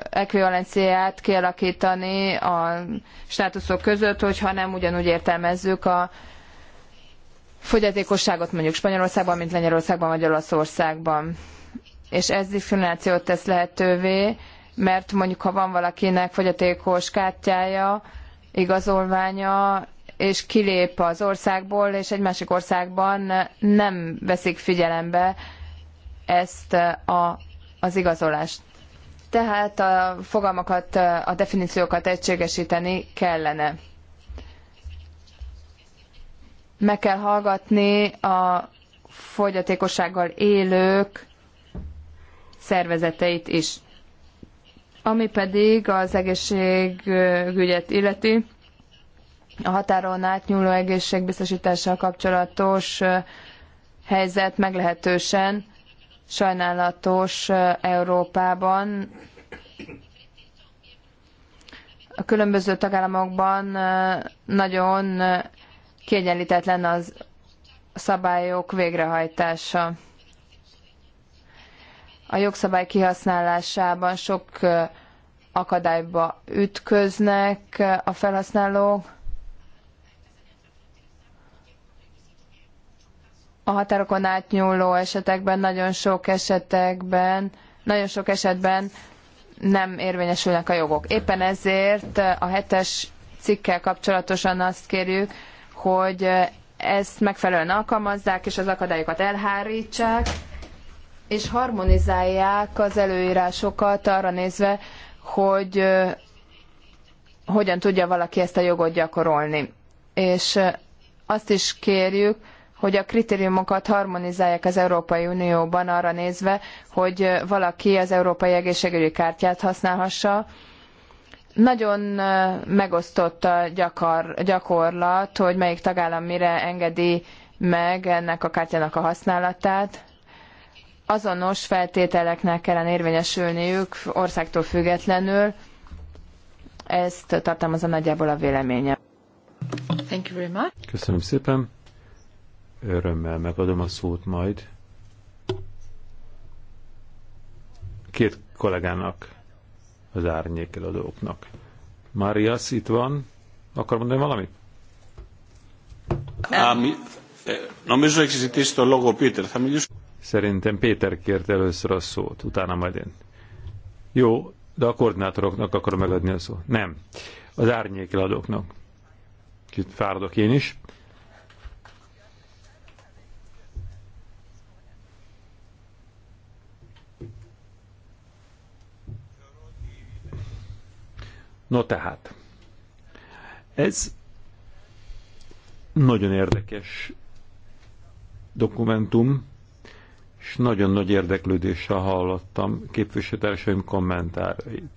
ekvivalenciát kialakítani a státuszok között, hogyha nem ugyanúgy értelmezzük a fogyatékosságot mondjuk Spanyolországban, mint Lengyelországban vagy Olaszországban. És ez diszkriminációt tesz lehetővé, mert mondjuk ha van valakinek fogyatékos kártyája, igazolványa, és kilép az országból, és egy másik országban nem veszik figyelembe ezt a, az igazolást. Tehát a fogalmakat, a definíciókat egységesíteni kellene. Meg kell hallgatni a fogyatékossággal élők szervezeteit is. Ami pedig az egészségügyet illeti, a határon átnyúló egészségbiztosítással kapcsolatos helyzet meglehetősen sajnálatos Európában. A különböző tagállamokban nagyon kiegyenlítetlen az szabályok végrehajtása a jogszabály kihasználásában sok akadályba ütköznek a felhasználók. A határokon átnyúló esetekben nagyon sok esetekben, nagyon sok esetben nem érvényesülnek a jogok. Éppen ezért a hetes cikkel kapcsolatosan azt kérjük, hogy ezt megfelelően alkalmazzák, és az akadályokat elhárítsák és harmonizálják az előírásokat arra nézve, hogy hogyan tudja valaki ezt a jogot gyakorolni. És azt is kérjük, hogy a kritériumokat harmonizálják az Európai Unióban arra nézve, hogy valaki az Európai Egészségügyi Kártyát használhassa. Nagyon megosztott a gyakor, gyakorlat, hogy melyik tagállam mire engedi meg ennek a kártyának a használatát azonos feltételeknek kellene érvényesülniük országtól függetlenül. Ezt tartalmazza nagyjából a véleményem. Thank you very much. Köszönöm szépen. Örömmel megadom a szót majd. Két kollégának, az árnyékeladóknak. Marias itt van. Akar mondani valamit? Nem. νομίζω έχει ζητήσει το λόγο ο Πίτερ. Θα Szerintem Péter kért először a szót, utána majd én. Jó, de a koordinátoroknak akarom megadni a szót. Nem, az árnyékladóknak, Kicsit fáradok én is. No tehát, ez nagyon érdekes dokumentum, és nagyon nagy érdeklődéssel hallottam képviselőtársaim kommentárait.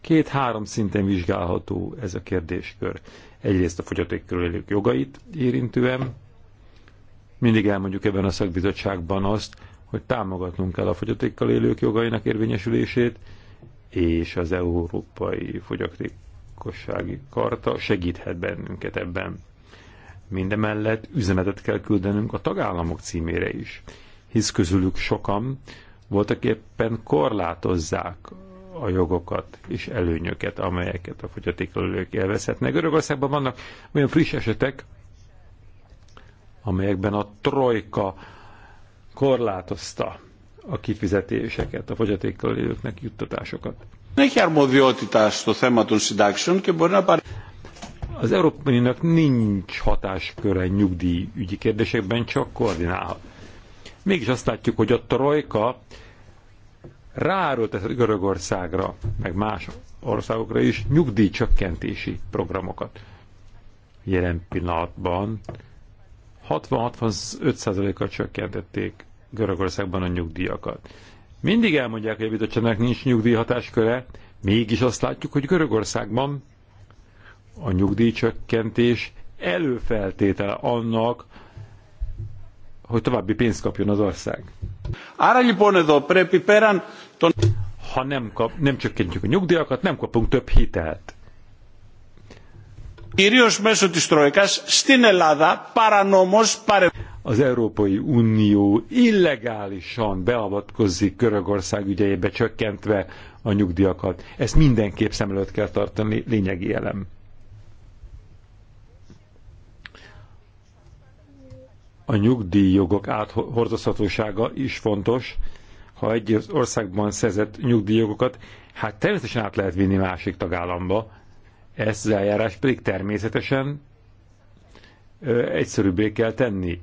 Két-három szinten vizsgálható ez a kérdéskör. Egyrészt a fogyatékkörül élők jogait érintően. Mindig elmondjuk ebben a szakbizottságban azt, hogy támogatnunk kell a fogyatékkal élők jogainak érvényesülését, és az Európai Fogyatékossági Karta segíthet bennünket ebben. Mindemellett üzenetet kell küldenünk a tagállamok címére is hisz közülük sokan voltak éppen korlátozzák a jogokat és előnyöket, amelyeket a fogyatékelők élvezhetnek. Görögországban vannak olyan friss esetek, amelyekben a trojka korlátozta a kifizetéseket, a fogyatékkal élőknek juttatásokat. Az Európai Uniónak nincs hatásköre nyugdíjügyi kérdésekben, csak koordinálhat. Mégis azt látjuk, hogy a trojka ráárult Görögországra, meg más országokra is nyugdíjcsökkentési programokat. Jelen pillanatban 60-65%-kal csökkentették Görögországban a nyugdíjakat. Mindig elmondják, hogy a bizottságnak nincs nyugdíjhatásköre, mégis azt látjuk, hogy Görögországban a nyugdíjcsökkentés előfeltétele annak, hogy további pénzt kapjon az ország. Ha nem, kap, nem csökkentjük a nyugdíjakat, nem kapunk több hitelt. Az Európai Unió illegálisan beavatkozik Görögország ügyeibe csökkentve a nyugdíjakat. Ezt mindenképp szem előtt kell tartani, lényegi elem. a nyugdíjjogok áthordozhatósága is fontos. Ha egy országban szerzett nyugdíjjogokat, hát természetesen át lehet vinni másik tagállamba. Ezt az eljárás pedig természetesen ö, egyszerűbbé kell tenni.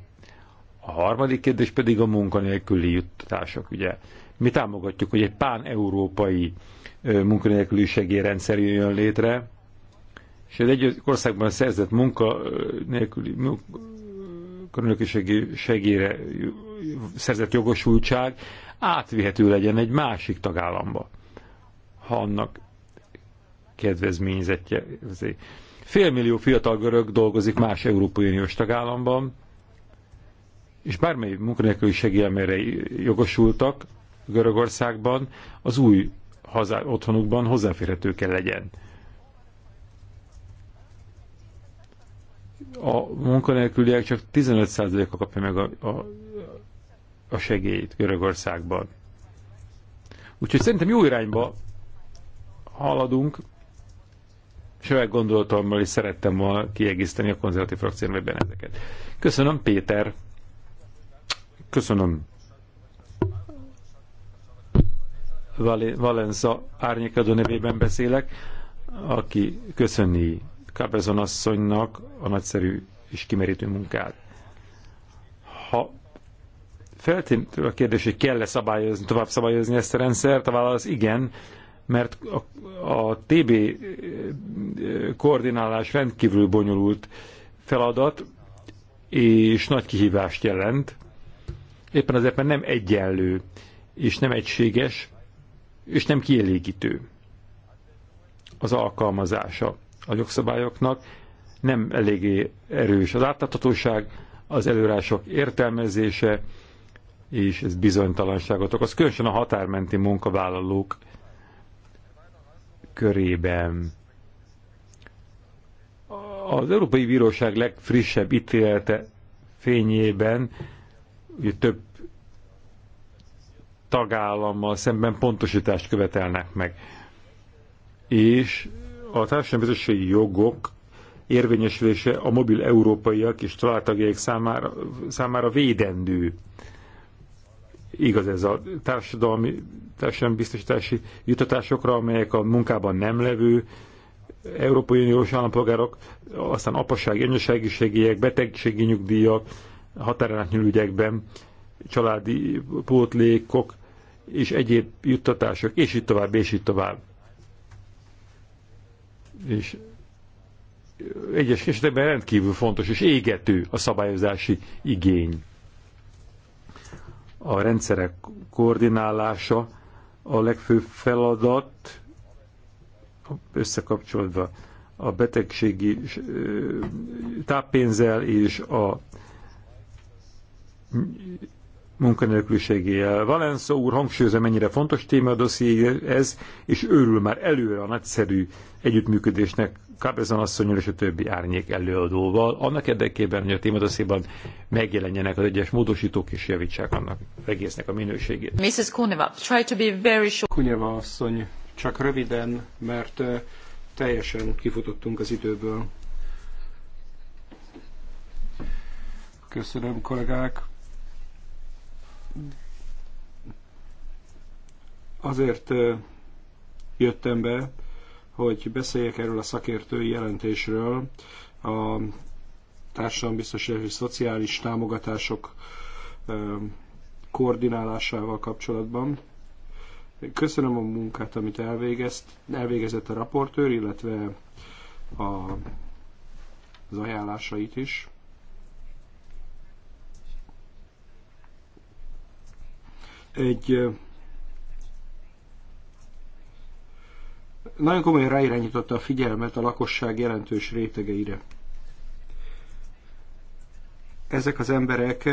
A harmadik kérdés pedig a munkanélküli juttatások, ugye. Mi támogatjuk, hogy egy pán-európai munkanélküli segélyrendszer jön létre, és az egy országban szerzett munka nélküli, munka, körülökségi segélyre szerzett jogosultság átvihető legyen egy másik tagállamba, ha annak kedvezményezetje. Félmillió fiatal görög dolgozik más Európai Uniós tagállamban, és bármely munkanélküli segélyemére jogosultak Görögországban, az új hazá, otthonukban hozzáférhető kell legyen. a munkanélküliek csak 15%-a kapja meg a, a, a segélyt Görögországban. Úgyhogy szerintem jó irányba haladunk, saját gondoltam, is szerettem volna kiegészíteni a konzervatív frakción ezeket. Köszönöm, Péter. Köszönöm. Valenza árnyékadó nevében beszélek, aki köszöni Kábezon asszonynak a nagyszerű és kimerítő munkát. Ha feltétlenül a kérdés, hogy kell-e szabályozni, tovább szabályozni ezt a rendszert, a válasz igen, mert a, a TB eh, koordinálás rendkívül bonyolult feladat, és nagy kihívást jelent. Éppen azért, mert nem egyenlő, és nem egységes, és nem kielégítő az alkalmazása a jogszabályoknak nem eléggé erős. Az átláthatóság, az előrások értelmezése, és ez bizonytalanságot okoz, különösen a határmenti munkavállalók körében. Az Európai Bíróság legfrissebb ítélete fényében ugye több tagállammal szemben pontosítást követelnek meg. És a társadalmi jogok érvényesülése a mobil európaiak és családtagjaik számára, számára védendő. Igaz ez a társadalmi, társadalmi biztosítási jutatásokra, amelyek a munkában nem levő Európai Uniós állampolgárok, aztán apaság, anyasági segélyek, betegségi nyugdíjak, határon ügyekben, családi pótlékok és egyéb juttatások, és így tovább, és így tovább és egyes esetekben rendkívül fontos és égető a szabályozási igény. A rendszerek koordinálása a legfőbb feladat, összekapcsolva a betegségi táppénzzel és a munkanélküliségével. Valenszó úr hangsúlyozza, mennyire fontos téma a dosszié ez, és örül már előre a nagyszerű együttműködésnek Kábezan asszonyról és a többi árnyék előadóval, annak érdekében, hogy a témadosszéban megjelenjenek az egyes módosítók és javítsák annak egésznek a minőségét. Mrs. Kuneva, try to be very short. Kuneva asszony, csak röviden, mert teljesen kifutottunk az időből. Köszönöm, kollégák azért jöttem be, hogy beszéljek erről a szakértői jelentésről, a társadalombiztosítási és szociális támogatások koordinálásával kapcsolatban. Köszönöm a munkát, amit elvégezt, elvégezett a raportőr, illetve a, az ajánlásait is. egy nagyon komolyan ráirányította a figyelmet a lakosság jelentős rétegeire. Ezek az emberek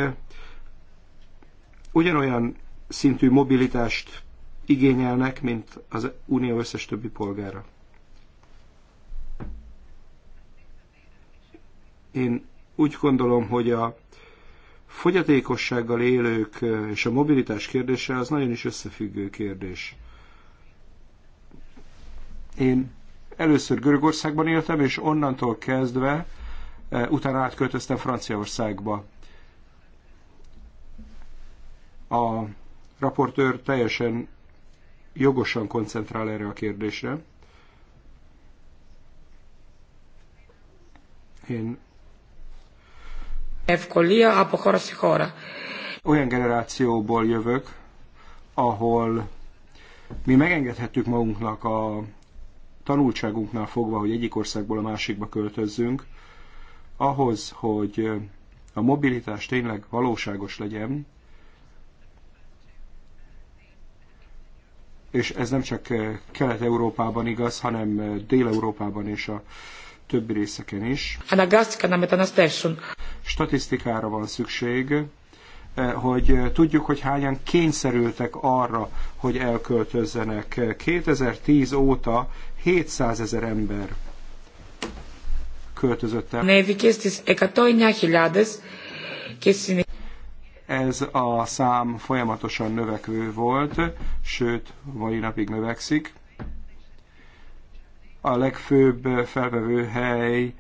ugyanolyan szintű mobilitást igényelnek, mint az unió összes többi polgára. Én úgy gondolom, hogy a fogyatékossággal élők és a mobilitás kérdése az nagyon is összefüggő kérdés. Én először Görögországban éltem, és onnantól kezdve utána átköltöztem Franciaországba. A raportőr teljesen jogosan koncentrál erre a kérdésre. Én ευκολία από χώρα σε χώρα. Olyan generációból jövök, ahol mi megengedhettük magunknak a tanultságunknál fogva, hogy egyik országból a másikba költözzünk, ahhoz, hogy a mobilitás tényleg valóságos legyen, és ez nem csak Kelet-Európában igaz, hanem Dél-Európában és a több részeken is. Statisztikára van szükség, eh, hogy eh, tudjuk, hogy hányan kényszerültek arra, hogy elköltözzenek. 2010 óta 700 ezer ember költözött el. Ez a szám folyamatosan növekvő volt, sőt, mai napig növekszik a legfőbb felvevőhely,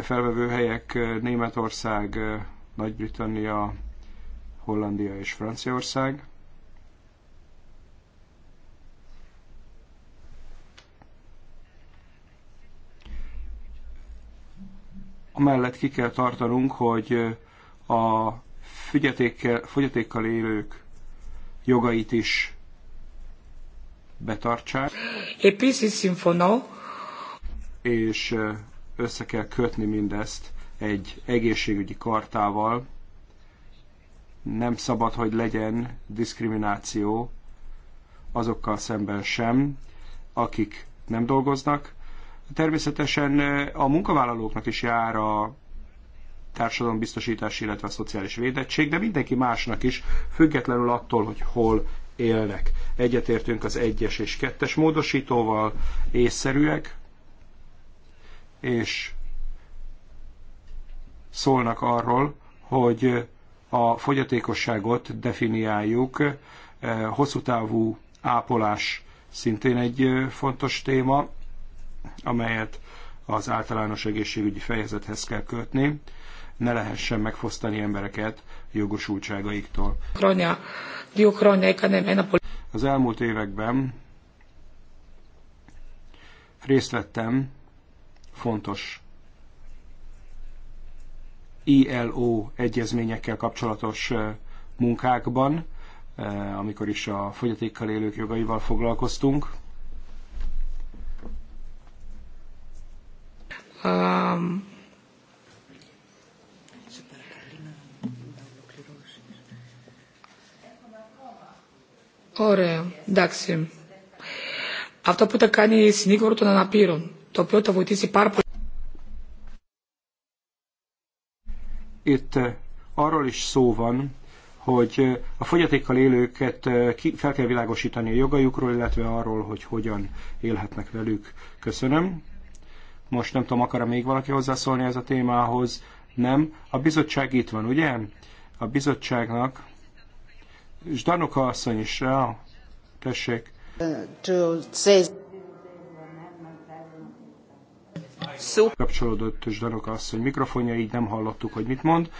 felvevőhelyek eh, Németország, eh, Nagy-Britannia, Hollandia és Franciaország. Amellett ki kell tartanunk, hogy eh, a fogyatékkal élők jogait is betartsák. És össze kell kötni mindezt egy egészségügyi kartával. Nem szabad, hogy legyen diszkrimináció azokkal szemben sem, akik nem dolgoznak. Természetesen a munkavállalóknak is jár a társadalombiztosítás, illetve a szociális védettség, de mindenki másnak is, függetlenül attól, hogy hol élnek. Egyetértünk az egyes és kettes módosítóval, észszerűek, és szólnak arról, hogy a fogyatékosságot definiáljuk, eh, hosszú távú ápolás szintén egy eh, fontos téma, amelyet az általános egészségügyi fejezethez kell kötni, ne lehessen megfosztani embereket jogosultságaiktól. Az elmúlt években részt vettem fontos ILO egyezményekkel kapcsolatos munkákban, amikor is a fogyatékkal élők jogaival foglalkoztunk. Um, Ωραία, εντάξει. Αυτό που τα κάνει συνήγορο των αναπήρων, το οποίο θα βοηθήσει πάρα πολύ. Itt arról is szó van, hogy a fogyatékkal élőket fel kell világosítani a jogaikról, illetve arról, hogy hogyan élhetnek velük. Köszönöm. Most nem tudom, akar -e még valaki hozzászólni ez a témához? Nem. A bizottság itt van, ugye? A bizottságnak és Danuka asszony is rá, tessék. Kapcsolódott és Danuka asszony mikrofonja, így nem hallottuk, hogy mit mond.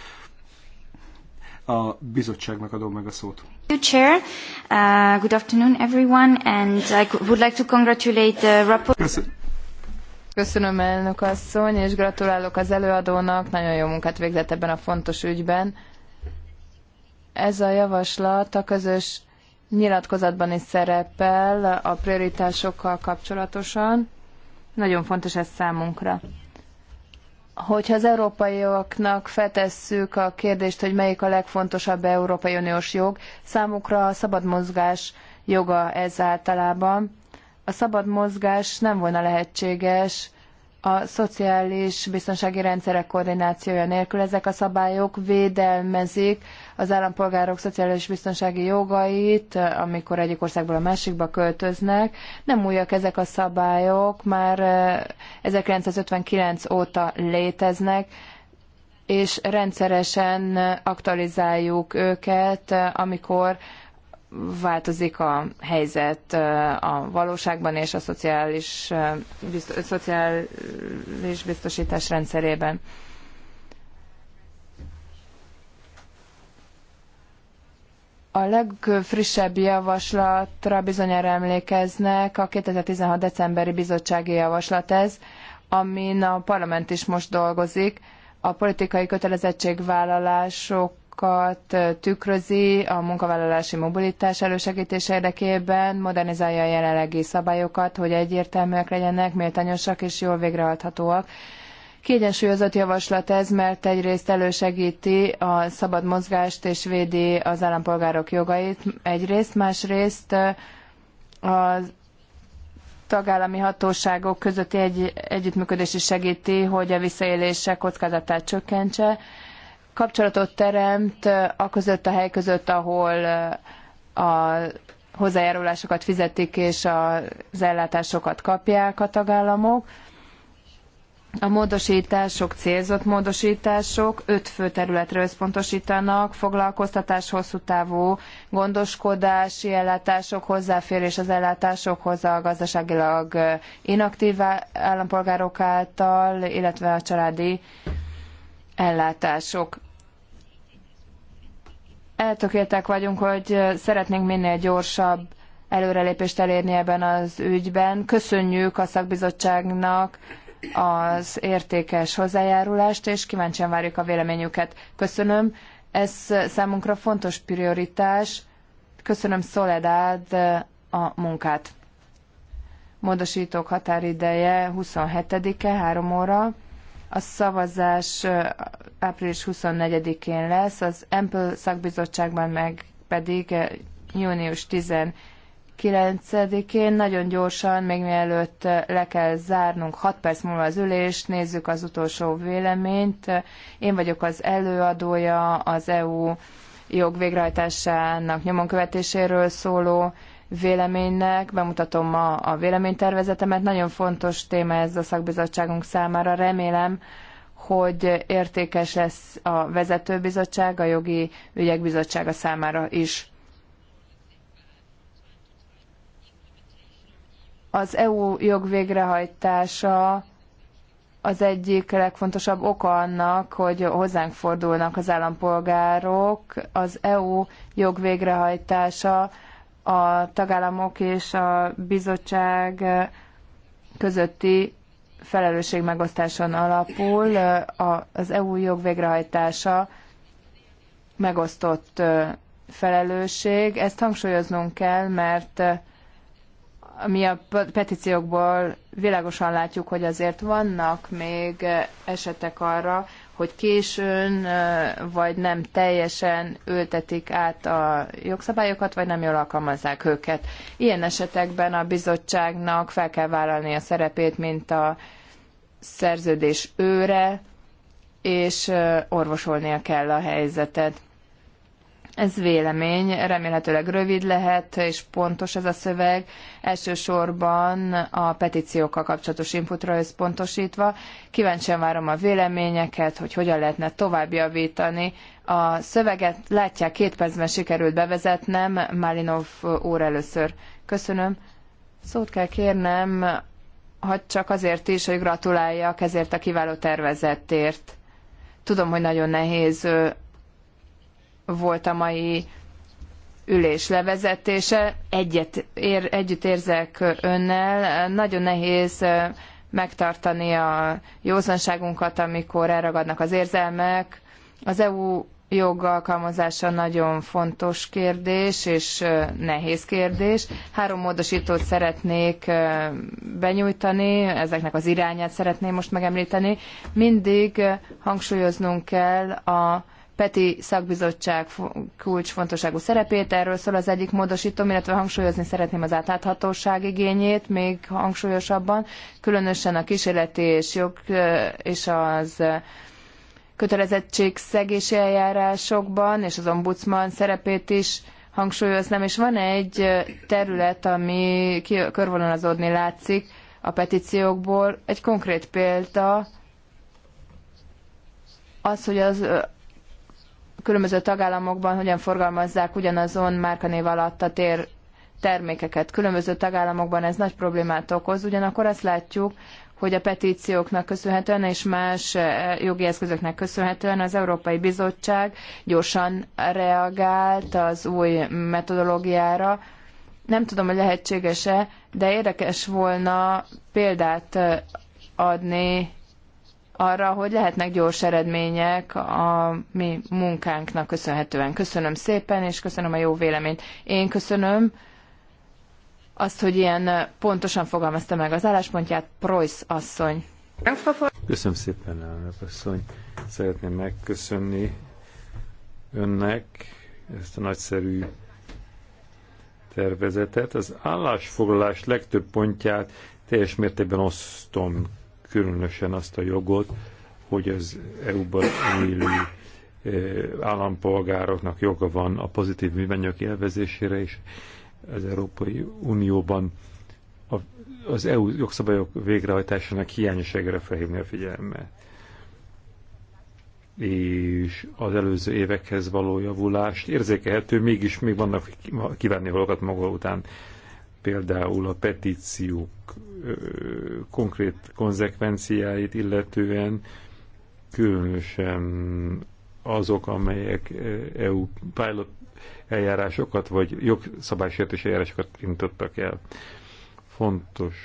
A bizottságnak adom meg a szót. Chair, uh, good afternoon everyone, and I would like to congratulate the rapport. Köszönöm elnök asszony, és gratulálok az előadónak, nagyon jó munkát végzett ebben a fontos ügyben ez a javaslat a közös nyilatkozatban is szerepel a prioritásokkal kapcsolatosan. Nagyon fontos ez számunkra. Hogyha az európaiaknak fetesszük a kérdést, hogy melyik a legfontosabb Európai Uniós jog, számukra a szabad mozgás joga ez általában. A szabad mozgás nem volna lehetséges a szociális biztonsági rendszerek koordinációja nélkül ezek a szabályok védelmezik az állampolgárok szociális biztonsági jogait, amikor egyik országból a másikba költöznek. Nem újak ezek a szabályok, már 1959 óta léteznek, és rendszeresen aktualizáljuk őket, amikor változik a helyzet a valóságban és a szociális, szociális biztosítás rendszerében. A legfrissebb javaslatra bizonyára emlékeznek, a 2016. decemberi bizottsági javaslat ez, amin a parlament is most dolgozik. A politikai kötelezettségvállalásokat tükrözi a munkavállalási mobilitás elősegítése érdekében, modernizálja a jelenlegi szabályokat, hogy egyértelműek legyenek, méltányosak és jól végrehajthatóak Kiegyensúlyozott javaslat ez, mert egyrészt elősegíti a szabad mozgást és védi az állampolgárok jogait egyrészt, másrészt a tagállami hatóságok közötti egy, együttműködés is segíti, hogy a visszaélések kockázatát csökkentse. Kapcsolatot teremt a között a hely között, ahol a hozzájárulásokat fizetik és az ellátásokat kapják a tagállamok a módosítások célzott módosítások, öt fő területre összpontosítanak, foglalkoztatás, hosszú távú gondoskodási ellátások, hozzáférés az ellátásokhoz a gazdaságilag inaktív állampolgárok által, illetve a családi ellátások. Eltökéltek vagyunk, hogy szeretnénk minél gyorsabb előrelépést elérni ebben az ügyben. Köszönjük a szakbizottságnak, az értékes hozzájárulást, és kíváncsian várjuk a véleményüket. Köszönöm. Ez számunkra fontos prioritás. Köszönöm Szoledád eh, a munkát. Módosítók határideje 27-e, 3 óra. A szavazás eh, április 24-én lesz, az Ample szakbizottságban meg pedig eh, június 10 9-én nagyon gyorsan, még mielőtt le kell zárnunk 6 perc múlva az ülést, nézzük az utolsó véleményt. Én vagyok az előadója az EU jog végrehajtásának nyomon követéséről szóló véleménynek, bemutatom ma a véleménytervezetemet. Nagyon fontos téma ez a szakbizottságunk számára. Remélem, hogy értékes lesz a vezetőbizottság, a jogi ügyek bizottsága számára is. Az EU jogvégrehajtása az egyik legfontosabb oka annak, hogy hozzánk fordulnak az állampolgárok. Az EU jogvégrehajtása, a tagállamok és a bizottság közötti felelősségmegosztáson alapul. Az EU jogvégrehajtása megosztott felelősség. Ezt hangsúlyoznunk kell, mert mi a petíciókból világosan látjuk, hogy azért vannak még esetek arra, hogy későn vagy nem teljesen ültetik át a jogszabályokat, vagy nem jól alkalmazzák őket. Ilyen esetekben a bizottságnak fel kell vállalni a szerepét, mint a szerződés őre, és orvosolnia kell a helyzetet. Ez vélemény, remélhetőleg rövid lehet, és pontos ez a szöveg, elsősorban a petíciókkal kapcsolatos inputra összpontosítva. Kíváncsian várom a véleményeket, hogy hogyan lehetne tovább javítani. A szöveget látják, két percben sikerült bevezetnem, Malinov úr először. Köszönöm. Szót kell kérnem, ha csak azért is, hogy gratuláljak ezért a kiváló tervezetért. Tudom, hogy nagyon nehéz volt a mai ülés levezetése. Egyet, ér, együtt érzek önnel. Nagyon nehéz megtartani a józanságunkat, amikor elragadnak az érzelmek. Az EU jog alkalmazása nagyon fontos kérdés és nehéz kérdés. Három módosítót szeretnék benyújtani, ezeknek az irányát szeretném most megemlíteni. Mindig hangsúlyoznunk kell a PETI szakbizottság kulcsfontosságú szerepét. Erről szól az egyik módosítom, illetve hangsúlyozni szeretném az átláthatóság igényét még hangsúlyosabban, különösen a kísérleti és jog és az szegési eljárásokban, és az ombudsman szerepét is hangsúlyoznám, és van egy terület, ami körvonalazódni látszik a petíciókból. Egy konkrét példa az, hogy az különböző tagállamokban hogyan forgalmazzák ugyanazon márkanév alatt a tér termékeket. Különböző tagállamokban ez nagy problémát okoz, ugyanakkor azt látjuk, hogy a petícióknak köszönhetően és más e, jogi eszközöknek köszönhetően az Európai Bizottság gyorsan reagált az új metodológiára. Nem tudom, hogy lehetséges-e, de érdekes volna példát e, adni arra, hogy lehetnek gyors eredmények a mi munkánknak köszönhetően. Köszönöm szépen, és köszönöm a jó véleményt. Én köszönöm azt, hogy ilyen pontosan fogalmazta meg az álláspontját, Preuss asszony. Köszönöm szépen, elnök asszony. Szeretném megköszönni önnek ezt a nagyszerű tervezetet. Az állásfoglalás legtöbb pontját teljes mértékben osztom különösen azt a jogot, hogy az EU-ban élő eh, állampolgároknak joga van a pozitív művanyag élvezésére, és az Európai Unióban az EU jogszabályok végrehajtásának hiányosságára felhívni a figyelmet. És az előző évekhez való javulást érzékelhető, mégis még vannak kívánni maga után például a petíciók konkrét konzekvenciáit illetően, különösen azok, amelyek EU pilot eljárásokat vagy jogszabálysértés eljárásokat intottak el. Fontos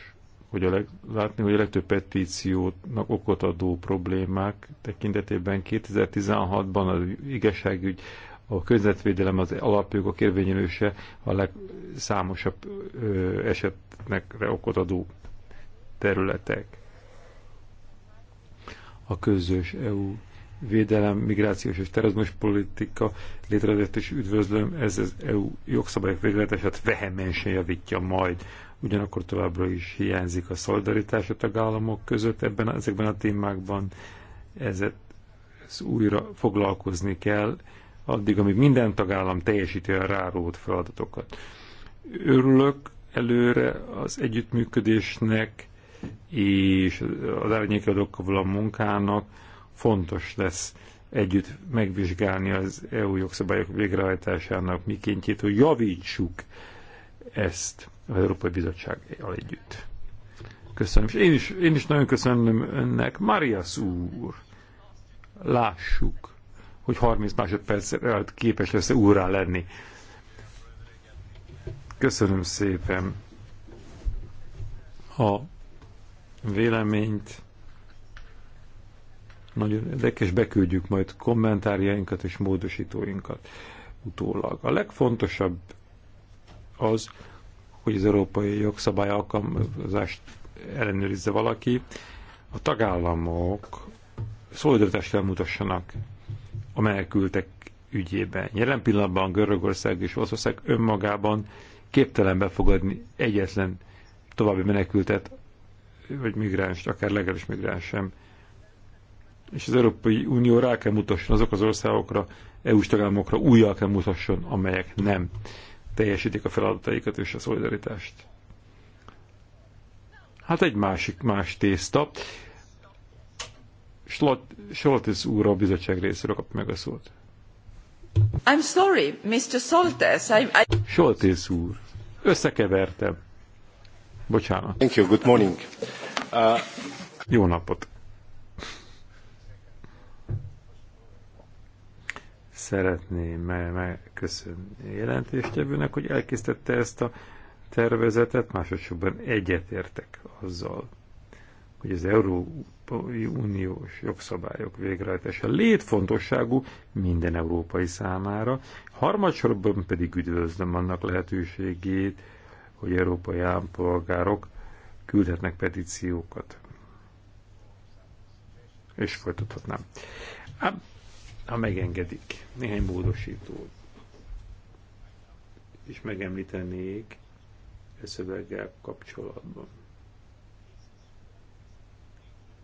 hogy a leg, látni, hogy a legtöbb petíciónak okot adó problémák tekintetében 2016-ban az igazságügy a közvetvédelem az alapjogok érvényelőse a legszámosabb esetnekre okot adó területek. A közös EU védelem, migrációs és terrorizmus politika létrejött és üdvözlöm, ez az EU jogszabályok végletesét vehemensen javítja majd. Ugyanakkor továbbra is hiányzik a szolidaritás a tagállamok között ebben, ezekben a témákban. Ezet újra foglalkozni kell, addig, amíg minden tagállam teljesíti a rárót feladatokat. Örülök előre az együttműködésnek és az árnyékadókkal való munkának fontos lesz együtt megvizsgálni az EU jogszabályok végrehajtásának mikéntjét, hogy javítsuk ezt az Európai Bizottsággal együtt. Köszönöm. És én is, én is nagyon köszönöm önnek, Marias úr. Lássuk hogy 30 másodpercre képes lesz úrán lenni. Köszönöm szépen a véleményt. Nagyon érdekes, beküldjük majd kommentárjainkat és módosítóinkat utólag. A legfontosabb az, hogy az európai jogszabály alkalmazást ellenőrizze valaki, a tagállamok szolidaritást elmutassanak mutassanak a menekültek ügyében. Jelen pillanatban Görögország és Olaszország önmagában képtelen befogadni egyetlen további menekültet, vagy migránst, akár legális migráns sem. És az Európai Unió rá kell mutasson azok az országokra, EU-s tagállamokra újjal kell mutasson, amelyek nem teljesítik a feladataikat és a szolidaritást. Hát egy másik más tészta. Soltis úr a bizottság részéről kap meg a szót. I'm sorry, Mr. Soltes. I... I... Soltis úr. Összekevertem. Bocsánat. Thank you, good morning. Uh... Jó napot. Szeretném megköszönni jelentéstevőnek, hogy elkészítette ezt a tervezetet, másodszorban egyetértek azzal, hogy az euró Európai Uniós jogszabályok végrehajtása létfontosságú minden európai számára, harmadsorban pedig üdvözlöm annak lehetőségét, hogy európai állampolgárok küldhetnek petíciókat. És folytathatnám. Ha, ha megengedik, néhány módosító. És megemlítenék e szöveggel kapcsolatban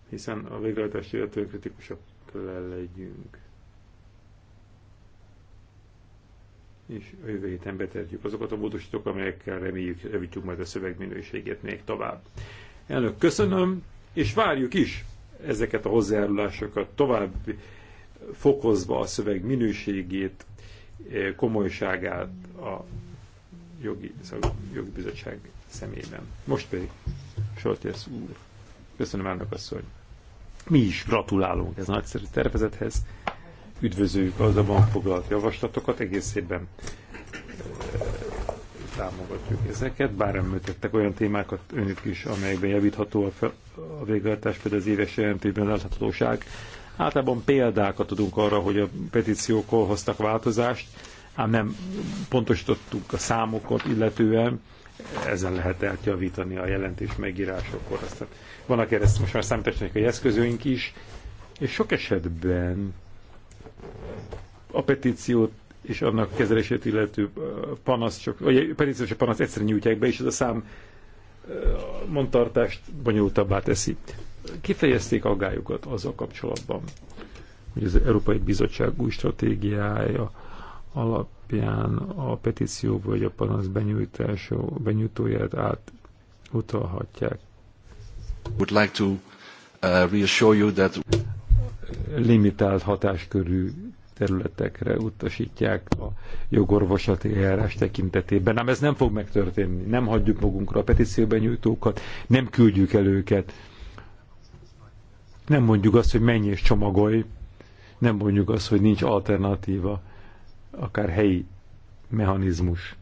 hiszen a végrehajtási illetően kritikusabb kell legyünk. És a jövő héten beterjük azokat a módosítók, amelyekkel reméljük, javítjuk majd a szöveg minőségét még tovább. Elnök, köszönöm, és várjuk is ezeket a hozzájárulásokat tovább fokozva a szöveg minőségét, eh, komolyságát a jogi, a szóval jogi bizottság szemében. Most pedig Soltész úr. Köszönöm, elnök asszony mi is gratulálunk ez a nagyszerű tervezethez. Üdvözöljük az abban foglalt javaslatokat, egész évben eh, támogatjuk ezeket, bár említettek olyan témákat önök is, amelyekben javítható a, fel, a végrehajtás, például az éves jelentésben láthatóság. Általában példákat adunk arra, hogy a petíciókkal hoztak változást, ám nem pontosítottuk a számokat illetően, ezen lehet eltjavítani a jelentés megírásokor. Aztán vannak erre most már számítástechnikai eszközőink is, és sok esetben a petíciót és annak kezelését illető panasz, csak, vagy petíció és a panasz egyszerűen nyújtják be, és ez a szám mondtartást bonyolultabbá teszi. Kifejezték aggályukat azzal kapcsolatban, hogy az Európai Bizottság új stratégiája alap alapján a petíció vagy a panasz benyújtása, benyújtóját át utalhatják. Would like to uh, reassure you that limitált hatáskörű területekre utasítják a jogorvosati eljárás tekintetében. nem ez nem fog megtörténni. Nem hagyjuk magunkra a petícióben nyújtókat, nem küldjük el őket. Nem mondjuk azt, hogy mennyi és csomagolj, nem mondjuk azt, hogy nincs alternatíva akár helyi mechanizmus.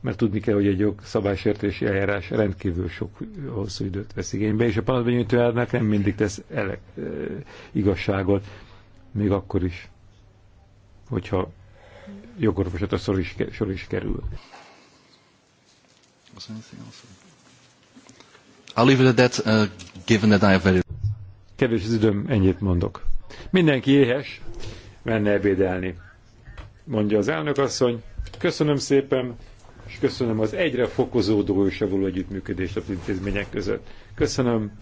Mert tudni kell, hogy egy jogszabálysértési eljárás rendkívül sok hosszú időt vesz igénybe, és a elnök nem mindig tesz ele, e, igazságot, még akkor is, hogyha jogorvosat a sor is, sor is kerül. I'll uh, Kevés az időm, ennyit mondok. Mindenki éhes, menne ebédelni, mondja az asszony, Köszönöm szépen, és köszönöm az egyre fokozódó és javuló együttműködést az intézmények között. Köszönöm.